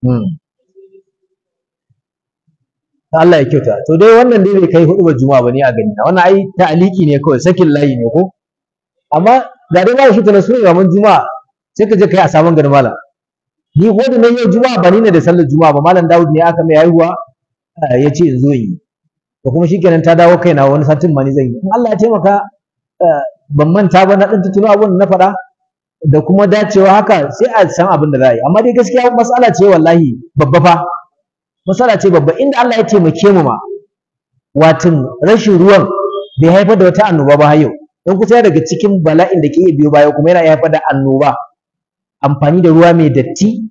hmm. Allah ya kyauta to dai wannan dai bai kai ba juma'a bane a gani wannan ai ta'aliki ne kawai sakin layi ne ko amma da dai ba shi ta nasu mun juma'a sai ka je kai a sabon garin malam ni ko da nan yau juma'a ba ni ne da sallar juma'a ba malam Dawud ne aka mai haihuwa ya ce in zo yi to kuma shikenan ta dawo kaina wani satin ma ni zan yi in Allah ya taimaka eh, ban manta ba na dan tuno abun na faɗa da kuma dacewa haka sai a san abin da za a yi amma dai gaskiya matsala ce wallahi babba fa matsala ce babba inda Allah ya taimake mu ma watin rashin ruwan bai haifar da wata annoba ba yau don kusa daga cikin bala'in da ke iya biyo baya kuma yana haifar da annoba amfani da ruwa mai datti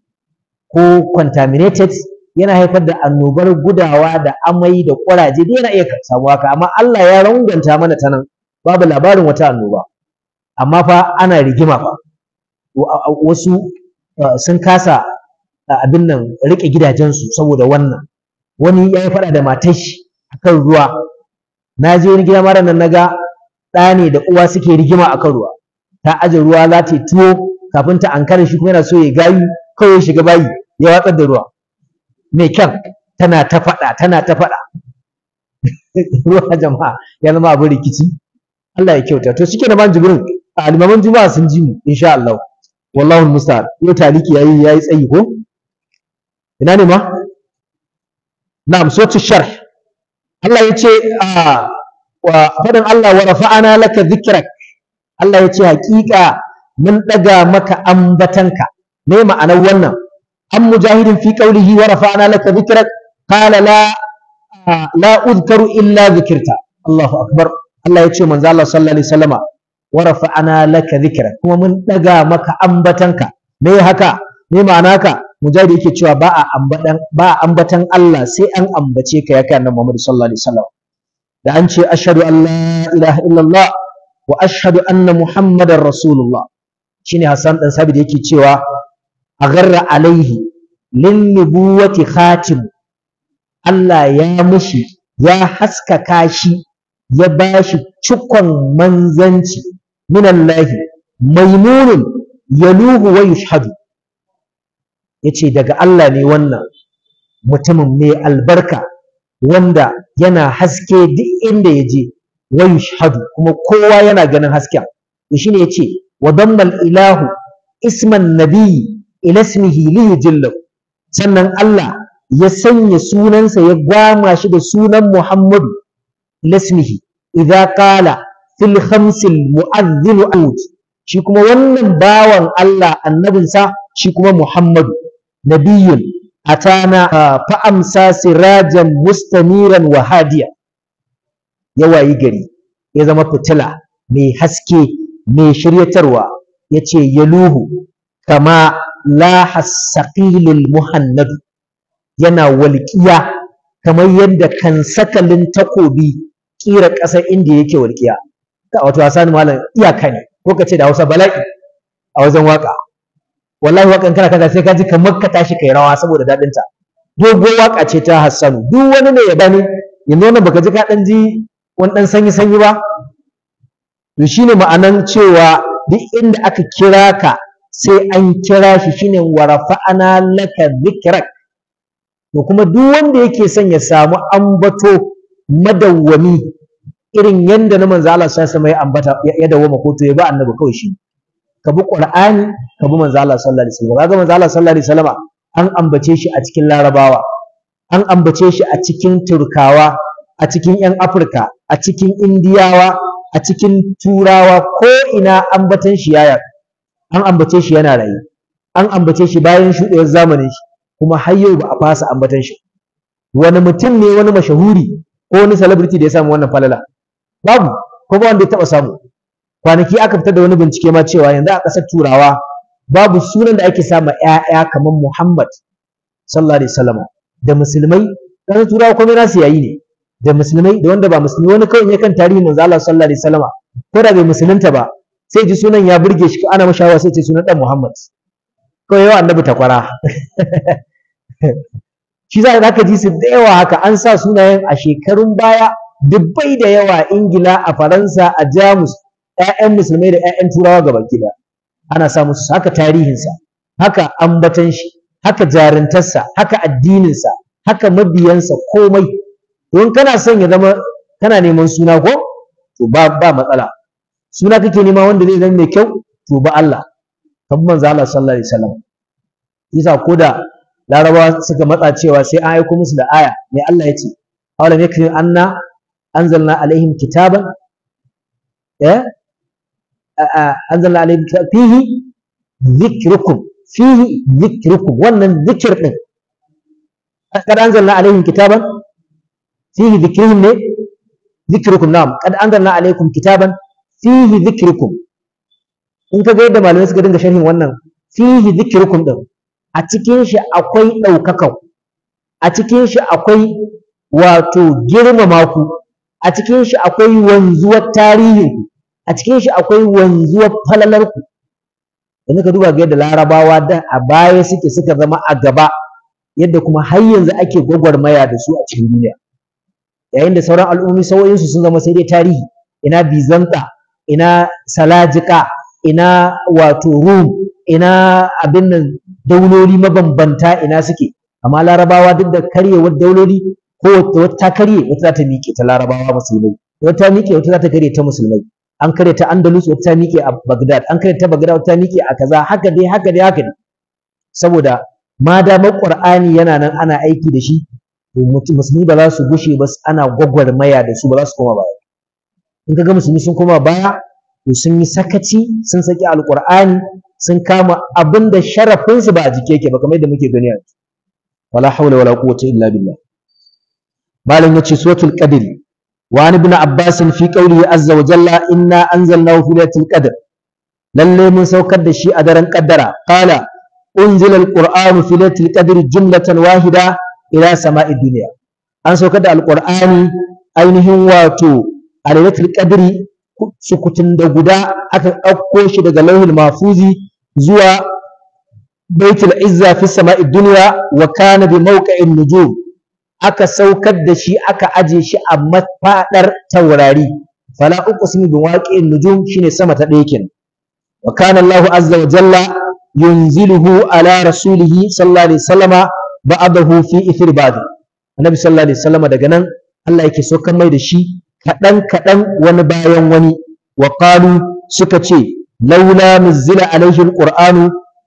ko contaminated yana haifar da annobar gudawa da amai da ƙuraje duk yana iya samuwa haka amma Allah ya ranganta mana ta nan babu labarin wata annoba amma fa ana rigima fa wasu sun kasa abin nan riƙe gidajensu saboda wannan wani ya yi faɗa da matar shi akan ruwa na je wani gida mara nan naga ɗa ne da uwa suke rigima akan ruwa ta aje ruwa za ta tuwo kafin ta ankara shi kuma yana so ya gayu kawai shiga bayi ya watsar da ruwa mai kyan tana ta faɗa tana ta faɗa ruwa jama'a ya zama abin rikici Allah ya kyauta to shike da man jibrin almaman juma'a sun ji mu insha Allah wallahu musta'an yau taliki yayi yayi tsayi ko ina ne ma na'am sotu sharh Allah ya ce wa fadan Allah wa rafa'ana laka dhikrak Allah ya ce haƙiƙa mun daga maka ambatanka me ma'anar wannan عن مجاهد في قوله ورفعنا لك ذكرك قال لا لا أذكر إلا ذكرت الله أكبر الله يتشي من الله صلى الله عليه وسلم ورفعنا لك ذكرك ومن لقى مك أنبتنك me haka me ma'ana ka mujahid yake cewa ba a ambatan Allah sai an ambace ka ya kai annabi sallallahu alaihi da an ce ashadu an la ilaha illallah wa ashadu anna Muhammadan rasulullah shine Hassan dan Sabit yake cewa agarra alaihi lin nubuwati khatim Allah ya mushi ya haskaka shi ya bashi cikon manzanci minallahi maimunin yaluhu wa yushhadu yace daga Allah ne wannan mutumin mai albarka wanda yana haske duk inda ya je wa yushhadu kuma kowa yana ganin hasken shine yace wa dammal ilahu isman nabiyyi ila ismihi liyujillahu sannan Allah ya sanya sunansa ya gwama shi da sunan Muhammadu lasmihi idza qala fil khamsil mu'adhdhin awj shi kuma wannan bawan Allah annabinsa shi kuma Muhammadu nabiyyun atana fa amsa sirajan mustaniran wa hadiya ya wayi gari ya zama fitila mai haske mai shiryatarwa ya yace yaluhu kama laha saqilul muhannad yana walƙiya kamar yadda kan sakalin takobi kira ƙasar inda yake walƙiya ta wato hasan malam iyaka ne ko ka ce da hausa bala'i a wajen waka wallahi wakan kana kaza sai ka ji kamar ka tashi kai rawa saboda daɗin ta dogon waka ce ta hassanu duk wani ne ya bani yanzu wannan baka ji ka ɗan ji wani ɗan sanyi sanyi ba to shine ma'anan cewa duk inda aka kira ka sai an kira shi shine ana laka zikrak to kuma duk wanda yake son ya samu ambato madawwami irin yanda na manzo Allah sallallahu alaihi wasallam ambata ya dawoma ko to ya ba annabi kawai shi ka bi qur'ani ka bi manzo Allah sallallahu alaihi wasallam kaga manzo Allah sallallahu alaihi wasallam an ambace shi a cikin larabawa an ambace shi a cikin turkawa a cikin yan afirka a cikin indiyawa a cikin turawa ko ina ambatan shi ya an ambace shi yana rayu an ambace shi bayan shuɗewar zamanin shi kuma har yau ba a fasa ambatan shi wani mutum ne wani mashahuri ko wani celebrity da ya samu wannan falala babu ko ba wanda ya taɓa samu kwanaki aka fitar da wani bincike ma cewa yanzu a ƙasar turawa babu sunan da ake sama ƴaƴa kamar Muhammad sallallahu alaihi wasallam da musulmai kan turawa kuma nasu yayi ne da musulmai da wanda ba musulmi wani kawai ne kan tarihin manzo Allah sallallahu alaihi wasallam ko da bai musulunta ba sai ji sunan ya burge shi ana mashawa sai ce sunan dan Muhammad kawai yawa annabi takwara shi za ka ji su da yawa haka an sa sunayen a shekarun baya dubbai da yawa ingila a faransa a jamus 'ya'yan musulmai da 'ya'yan turawa gaba gida ana sa musu haka tarihinsa haka ambatan shi haka jarintarsa haka addininsa haka mabiyansa komai don kana son ya zama kana neman suna ko to ba matsala suna kake nema wanda zai zama mai kyau to ba Allah kan manzo Allah sallallahu alaihi wasallam yasa koda larabawa suka matsa cewa sai an aiko musu da aya mai Allah ya ce awala yakri anna anzalna alaihim kitaban eh anzalna alaihim fihi dhikrukum fihi dhikrukum wannan zikir din kad anzalna alaihim kitaban fihi dhikrihim ne dhikrukum na'am kad anzalna alaikum kitaban fihi zikrukum in ka ga yadda malamai suka dinga sharhin wannan fihi zikrukum din a cikin shi akwai ɗaukakan a cikin shi akwai wato girmama ku a cikin shi akwai wanzuwar tarihin a cikin shi akwai wanzuwar falalar ku idan ka duba ga yadda larabawa da a baya suke suka zama a gaba yadda kuma har yanzu ake gwagwarmaya da su a cikin duniya yayin da sauran al'ummi sauyin su sun zama sai dai tarihi ina bizanta ina salajika ina wato rum ina abin nan dauloli mabambanta ina suke amma larabawa duk da karyewar dauloli ko wata ta karye wata za ta miƙe ta larabawa musulmai wata ta miƙe wata za ta karye ta musulmai an karye ta andalus wata ta miƙe a bagdad an karye ta bagdad wata ta miƙe a kaza haka dai haka dai haka dai saboda ma damar qur'ani yana nan ana aiki da shi musulmi ba za su gushe ba ana gwagwarmaya da su ba za su koma baya in ka ga musulmi sun koma baya to sun yi sakaci sun saki alqur'ani sun kama abin da sharafin su ba a jike yake ba kamar yadda muke gani yanzu wala hawla wala quwwata illa billah malam yace suratul qadr wa an ibn abbas fi qawlihi azza wa jalla inna anzalnahu fi lailatul qadr lalle mun saukar da shi a daren qaddara qala unzila alqur'anu fi lailatul qadr jumlatan wahida ila sama'i dunya an saukar da alqur'ani ainihin wato a lailatul qadri sukutun da guda aka ɗauko shi daga lauhin mafuzi zuwa baitul izza fi sama'i dunya wa kana bi mawqi'in nujum aka saukar da shi aka aje shi a mafadar taurari fala uqsimu bi waqi'in nujum shine sama ta ɗaya kenan wa kana Allah azza wa jalla yunziluhu ala rasulihi sallallahu alaihi wasallama ba'dahu fi ithri ba'd annabi sallallahu alaihi wasallama daga nan Allah yake saukar mai da shi kaɗan kaɗan wani bayan wani wa qalu suka ce laula nuzila alaihi alqur'anu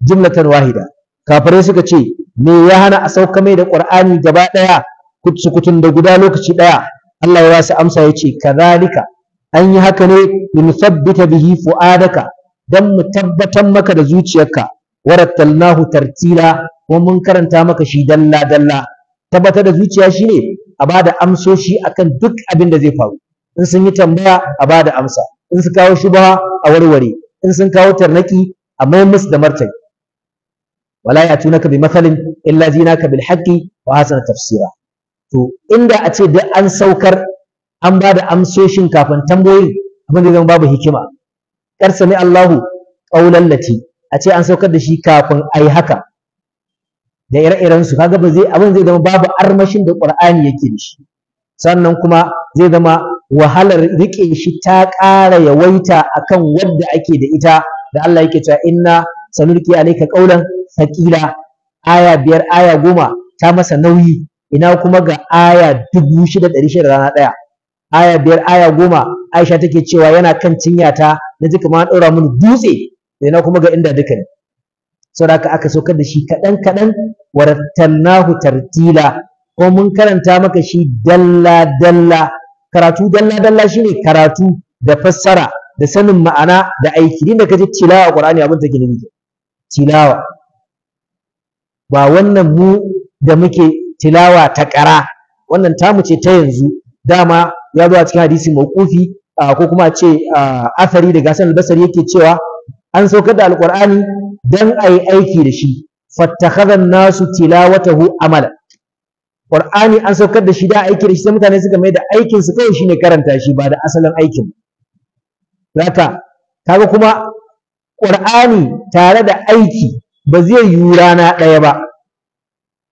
jumlatan wahida Kafare suka ce me ya hana a sauka mai da qur'ani gaba daya kutsukutun da guda lokaci ɗaya? Allah ya sa amsa ya ce kadhalika an yi haka ne min sabbita bihi fu'adaka dan mu tabbatar maka da zuciyarka warattalnahu tartila ko mun karanta maka shi dalla dalla tabbatar da zuciya shine a ba da amsoshi akan duk abin da zai faru in sun yi tambaya a ba da amsa in sun kawo shubaha a warware in sun kawo tarnaki a mai musu da martani wala ya tunaka bi mathalin illa zinaka bil haqqi wa hasana tafsira to inda a ce duk an saukar an ba da amsoshin kafin tambayoyin abin da zama babu hikima kar sami Allahu qaulan lati a ce an saukar da shi kafin ai haka da ire-iren su kaga ba zai abin zai zama babu armashin da Qur'ani yake da shi sannan kuma zai zama wahalar rike shi ta ƙara yawaita akan wadda ake da ita da Allah yake cewa inna "Sanurki alayka qawlan thaqila aya biyar aya goma ta masa nauyi ina kuma ga aya dubu shida rana ɗaya aya biyar aya goma aisha take cewa yana kan cinyata na ji kamar an mini dutse ina kuma ga inda duka ne saboda aka saukar da shi kaɗan kaɗan warattalnahu tartila ko mun karanta maka shi dalla dalla karatu dalla dalla shine karatu da fassara da sanin ma'ana da aiki din da kaje tilawa qur'ani abin take nake tilawa ba wannan mu da muke tilawa ta kara wannan tamu ce ta yanzu dama ya zo a cikin hadisi mawqufi ko kuma a ce asari da gasan basari yake cewa an saukar da alqur'ani dan ayi aiki da shi fattakhadha an-nasu tilawatahu amala Qur'ani an saukar da shi da aiki da shi sai mutane suka mai da aikin su kai shine karanta shi ba da asalin aikin haka kaga kuma Qur'ani tare da aiki ba zai yi rana ɗaya ba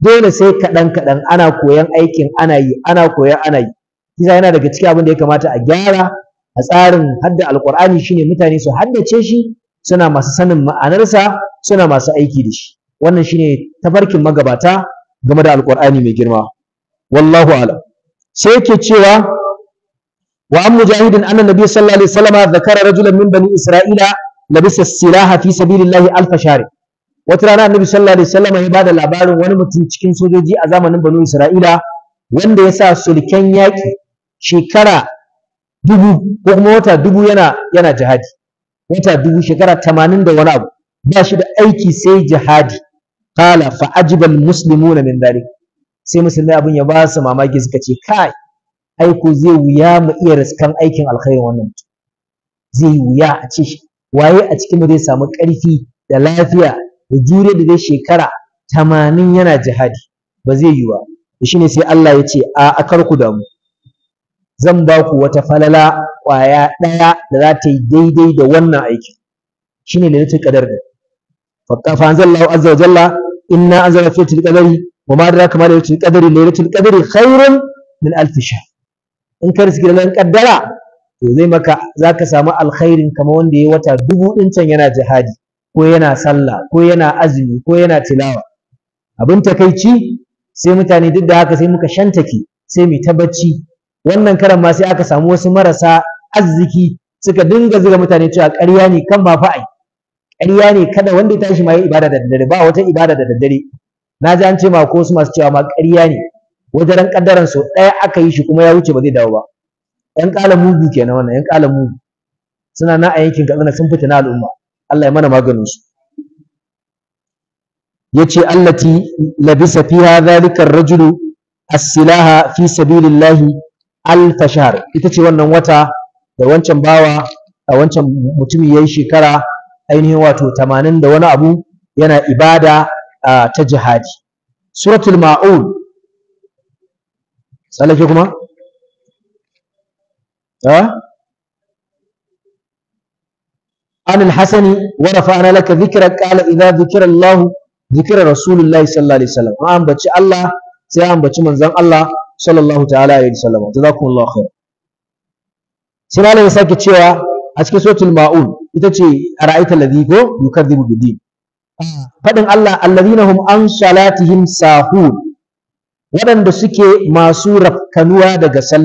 dole sai kaɗan kaɗan ana koyan aikin ana yi ana koyan ana yi kisa yana daga cikin abin da ya kamata a gyara a tsarin hadda alƙur'ani shine mutane su haddace shi suna masu sanin ma'anarsa suna masu aiki da shi wannan shine tafarkin magabata game da alqur'ani mai girma wallahu a'lam sai yake cewa wa an mujahidin anna nabi sallallahu alaihi wasallam zakara rajulan min bani isra'ila labisa silaha fi sabilillahi alf shari wata rana annabi sallallahu alaihi wasallam ya bada labarin wani mutum cikin sojoji a zamanin bani isra'ila wanda ya sa sulken yaƙi shekara dubu ko kuma wata dubu yana yana jihadi wata dubu shekara tamanin da wani abu ba shi da aiki sai jihadi kala fa ajibal muslimuna min dalik sai musulmai abin ya ba su mamaki suka ce kai aiko zai wuya mu iya riskan aikin alkhairin wannan zai wuya a ce waye a cikin mu zai samu ƙarfi da lafiya da jure da zai shekara tamanin yana jihadi ba zai yi ba. shi shine sai Allah ya ce a akarku damu zan ba ku wata falala ƙwaya ɗaya da za ta yi daidai da wannan aikin shine lailatul qadar ne fa fa anzalallahu azza wa jalla inna anzalna fi lailatul qadari wa ma adraka ma lailatul qadari lailatul qadari khairun min alf shahr in ka riski nan kaddara to zai maka zaka samu alkhairin kamar wanda yayi wata dubu din can yana jihadi ko yana sallah ko yana azumi ko yana tilawa abin takeici sai mutane duk da haka sai muka shantake sai mu ta bacci wannan karan ma sai aka samu wasu marasa arziki suka dinga zira mutane cewa ƙarya ne kan ba fa'ai ƙarya ne kada wanda ya tashi ma ya ibada da daddare ba wata ibada da daddare na ji an ce ma ko su masu cewa ma ƙarya ne wajen kaddaran so ɗaya aka yi shi kuma ya wuce ba zai dawo ba ƴan ƙalan mugu kenan wannan ƴan ƙalan mugu suna na a yankin katsina sun fita na al'umma Allah ya mana maganin su yace allati labisa fiha dhalika ar-rajulu as-silaha fi sabilillahi alfashar ita ce wannan wata da wancan bawa a wancan mutumin ya yi shekara ainihin wato 80 da wani abu yana ibada ta jihadi suratul ma'ul tsallake kuma? ta? an alhassani wadda fa'ana laka zikirar kala idha zikirar allahu zikirar rasulullahi sallallahu alaihi allah sai an bacci manzan allah sallallahu ta'ala alaihi wasallam jazakumullahu khair sai malam ya sake cewa a cikin suratul maun ita ce ara'aita alladhi ko yukadzibu bidin fadin Allah alladhina hum an salatihim sahun waɗanda suke masu rafkanuwa daga su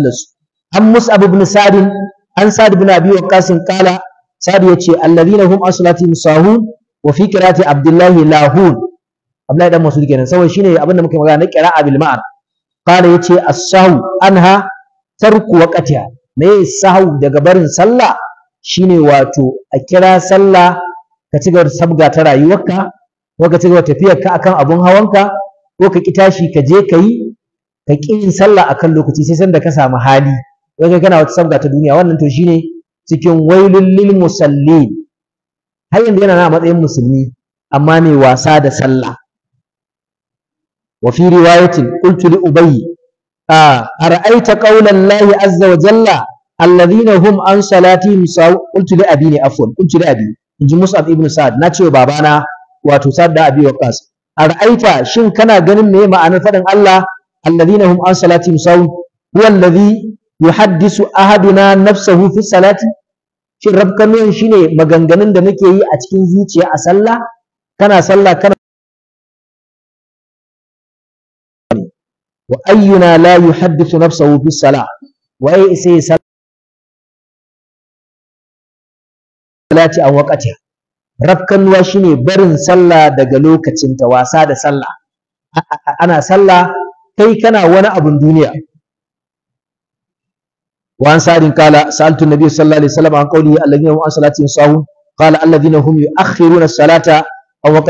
an mus'ab ibn sadin, an sa'd ibn abi waqas qala sa'd yace alladhina hum an salatihim sahun wa fi qira'ati abdullahi lahun Abdullahi dan masu kenan saboda shine abinda muke magana na qira'a bil ma'an qala yace as-sahu anha tarku waqtiha me sahu daga barin sallah shine wato a kira sallah ka ci gaba sabga ta rayuwarka ko ka ci tafiyarka akan abun hawanka ko ka ki tashi ka je ka yi ka ƙi yin sallah akan lokaci sai sanda ka samu hali wai kai kana wata sabga ta duniya wannan to shine cikin wailul lil har yanzu yana na matsayin musulmi amma mai wasa da sallah وفي رواية قلت لأبي آه أرأيت قول الله عز وجل الذين هم عن صلاتهم ساو قلت لأبي عفوا قلت لأبي إن مصعب ابن سعد ناتشو بابانا وتصاد أبي وقاص أرأيت شن كان غنم نيما أنا فدن الله الذين هم عن صلاتهم ساو هو الذي يحدث أحدنا نفسه في الصلاة shin rabkamiyan shine maganganun da nake yi a cikin zuciya a sallah kana sallah kana wa ayyuna la yuhaddithu nafsahu bis salah waye isa ya salati a waqati rafkanuwa shine barin sallah daga lokacinta wasa da sallah ana sallah kai kana wani abun duniya وعن سعد قال سألت النبي صلى الله عليه وسلم an قوله الذين هم عن صلاتهم ساهون قال الذين هم Salata an عن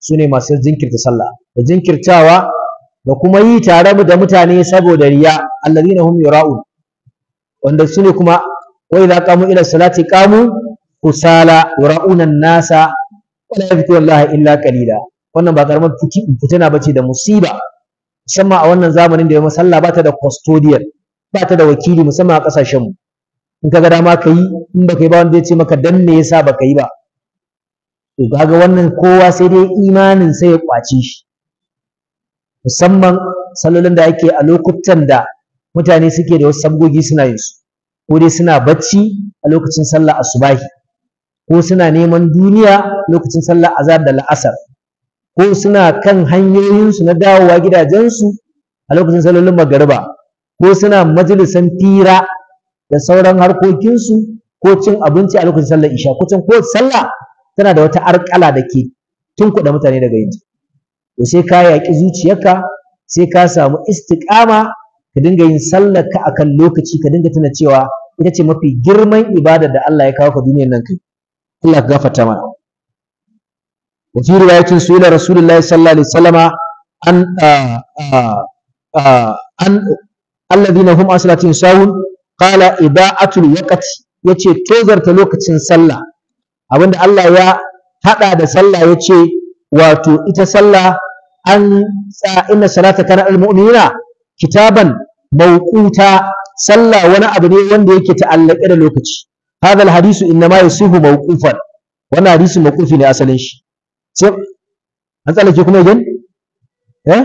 Sune masu ما سيزنكر تصلى وزنكر da kuma yi tare da mutane saboda riya allazina hum yura'un wanda sune kuma wa idza qamu ila salati qamu kusala yura'una an-nasa wala yadhkuruna allaha illa qalila wannan ba karamar fitina bace da musiba musamman a wannan zamanin da ya masalla ba ta da custodian ba ta da wakili musamman a kasashen mu in ga dama ka yi in baka yi ba wanda ya ce maka dan me yasa baka yi ba to kaga wannan kowa sai dai imanin sai ya kwace shi musamman salolin da ake a lokutan da mutane suke da wasu sabgogi suna yin su ko dai suna bacci a lokacin sallah asubahi ko suna neman duniya lokacin sallah azhar da la'asar ko suna kan hanyoyinsu na dawowa gidajensu a lokacin salolin magariba ko suna majalisan fira da sauran harkokinsu ko cin abinci a lokacin sallah isha ko cin ko sallah tana da wata arƙala da ke tunkuɗa mutane daga yanzu da sai ka yaƙi zuciyarka sai ka samu istiqama ka dinga yin sallar ka akan lokaci ka dinga tuna cewa ita ce mafi girman ibada da Allah ya kawo ka duniyar nan kai Allah ka gafarta mana wa fi riwayatin sunan rasulullahi sallallahu alaihi wasallama an an alladhina hum aslatin sahun qala ida'atul waqti yace tozarta lokacin sallah abinda Allah ya hada da sallah yace wato ita sallah an inna salata kana al-mu'minina kitaban mawquta sallah wani abu ne wanda yake ta'allaqe da lokaci hadha al-hadisu inna ma yusihu mawqufan wannan hadisi mawqufi ne asalin shi sai an tsallake kuma again eh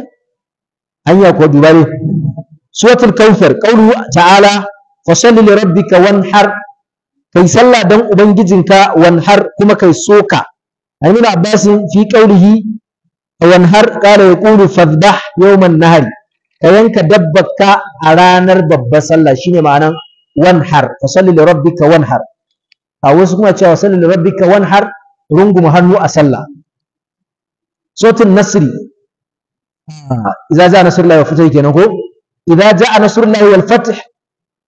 anya ko duba ne suratul kawthar qawluhu ta'ala fa fasalli li rabbika wanhar kai sallah dan ubangijinka wanhar kuma kai soka an ibn abbas fi qawlihi wanhar ƙara ya ƙuru fadbah yauman nahari ka yanka dabbaka a ranar babbar sallah shine ma'anan wanhar fa salli li rabbika a wasu kuma cewa salli li rabbika wanhar runguma hannu a sallah sautin nasri idza jaa nasrullahi wal fath kenan ko idza jaa nasrullahi wal fath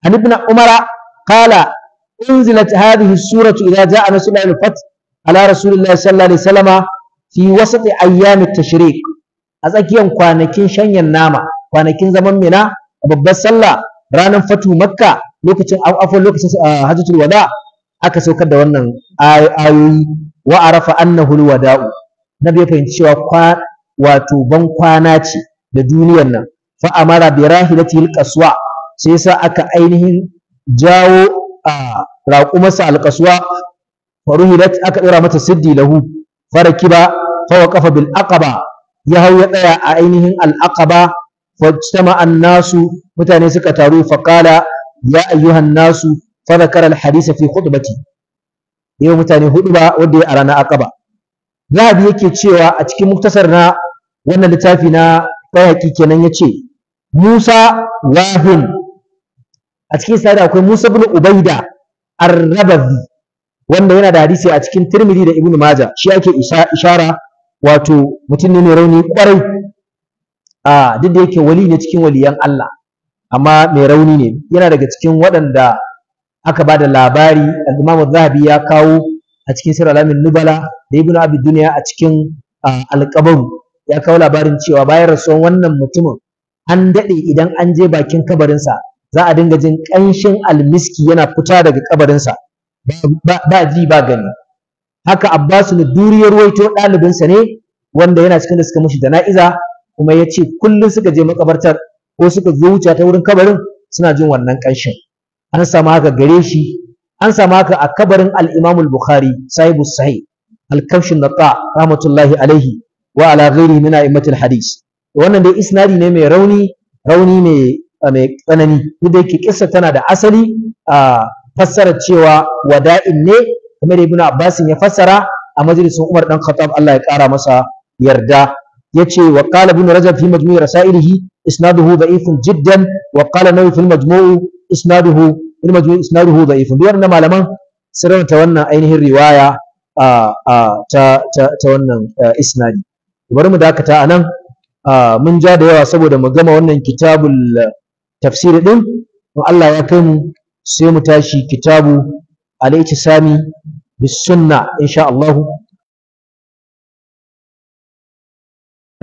an ibn umara qala unzilat hadhihi suratu idza jaa nasrullahi wal fi wasati ayyamit tashriq a tsakiyar kwanakin shanyan nama kwanakin zaman mina a babbar sallah ranar fatu makka lokacin afwan lokacin hajjatul wada aka saukar da wannan ayoyi wa arafa annahu wada'u nabi ya fahimci cewa kwa wato ban kwana ce da duniyar nan fa amara bi rahilati alqaswa sai yasa aka ainihin jawo a raƙumarsa alqaswa faruhilat aka dora mata siddi lahu farakiba kafa bil aqaba ya hau ya tsaya a ainihin al aqaba fajtama an nasu mutane suka taru faqala ya ayyuhan nasu fa dhakara al hadisa fi khutbati yau mutane hudu ba wanda ya arana aqaba zahabi yake cewa a cikin muktasar na wannan littafi na bayaki kenan yace Musa wahin a cikin sa akwai Musa ibn Ubaida ar-Rabazi wanda yana da hadisi a cikin Tirmidhi da Ibn Majah shi ake ishara wato mutum ne mai rauni kwarai a duk da yake wali ne cikin waliyan Allah amma mai rauni ne yana daga cikin waɗanda aka ba da labari al-Imam zahabi ya kawo a cikin Sirr al Nubala da Ibn Abi Dunya a cikin al ya kawo labarin cewa bayan rasuwan wannan mutumin an daɗe idan an je bakin kabarinsa za a dinga jin ƙanshin almiski yana fita daga kabarinsa ba ji ba gani haka Abbas al-Duri ya ruwaito ɗalibinsa ne wanda yana cikin da suka mushi na'iza, kuma ya ce kullum suka je makabartar ko suka zo wuce ta wurin kabarin suna jin wannan ƙanshin an samu haka gare shi an samu haka a kabarin al-Imam al-Bukhari sahibu sahi al-Kafsh an-Natta rahmatullahi alaihi wa ala ghairihi min hadis wannan dai isnadi ne mai rauni rauni mai mai tsanani duk da yake kissa tana da asali a fassarar cewa wada'in ne kamar ibn Abbas ya fassara a majalisin Umar dan Khattab Allah ya kara masa yarda yace wa qala ibn Rajab fi majmu' rasailihi isnaduhu da'ifun jiddan wa qala nawi fi majmu' isnaduhu al majmu' isnaduhu da'ifun biyar na malaman sirrin ta wannan ainihin riwaya a ta ta wannan isnadi bari mu dakata anan mun ja da yawa saboda mu gama wannan kitabul tafsir din Allah ya kai mu sai mu tashi kitabu al-i'tisami bis sunna insha Allah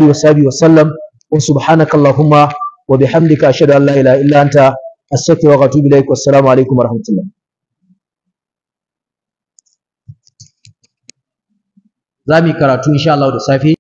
wa sahbihi wa sallam wa subhanaka allahumma wa bihamdika ashhadu an la ilaha illa anta astaghfiruka wa atubu ilaik wa assalamu alaikum wa rahmatullah zamu karatu insha Allah da safe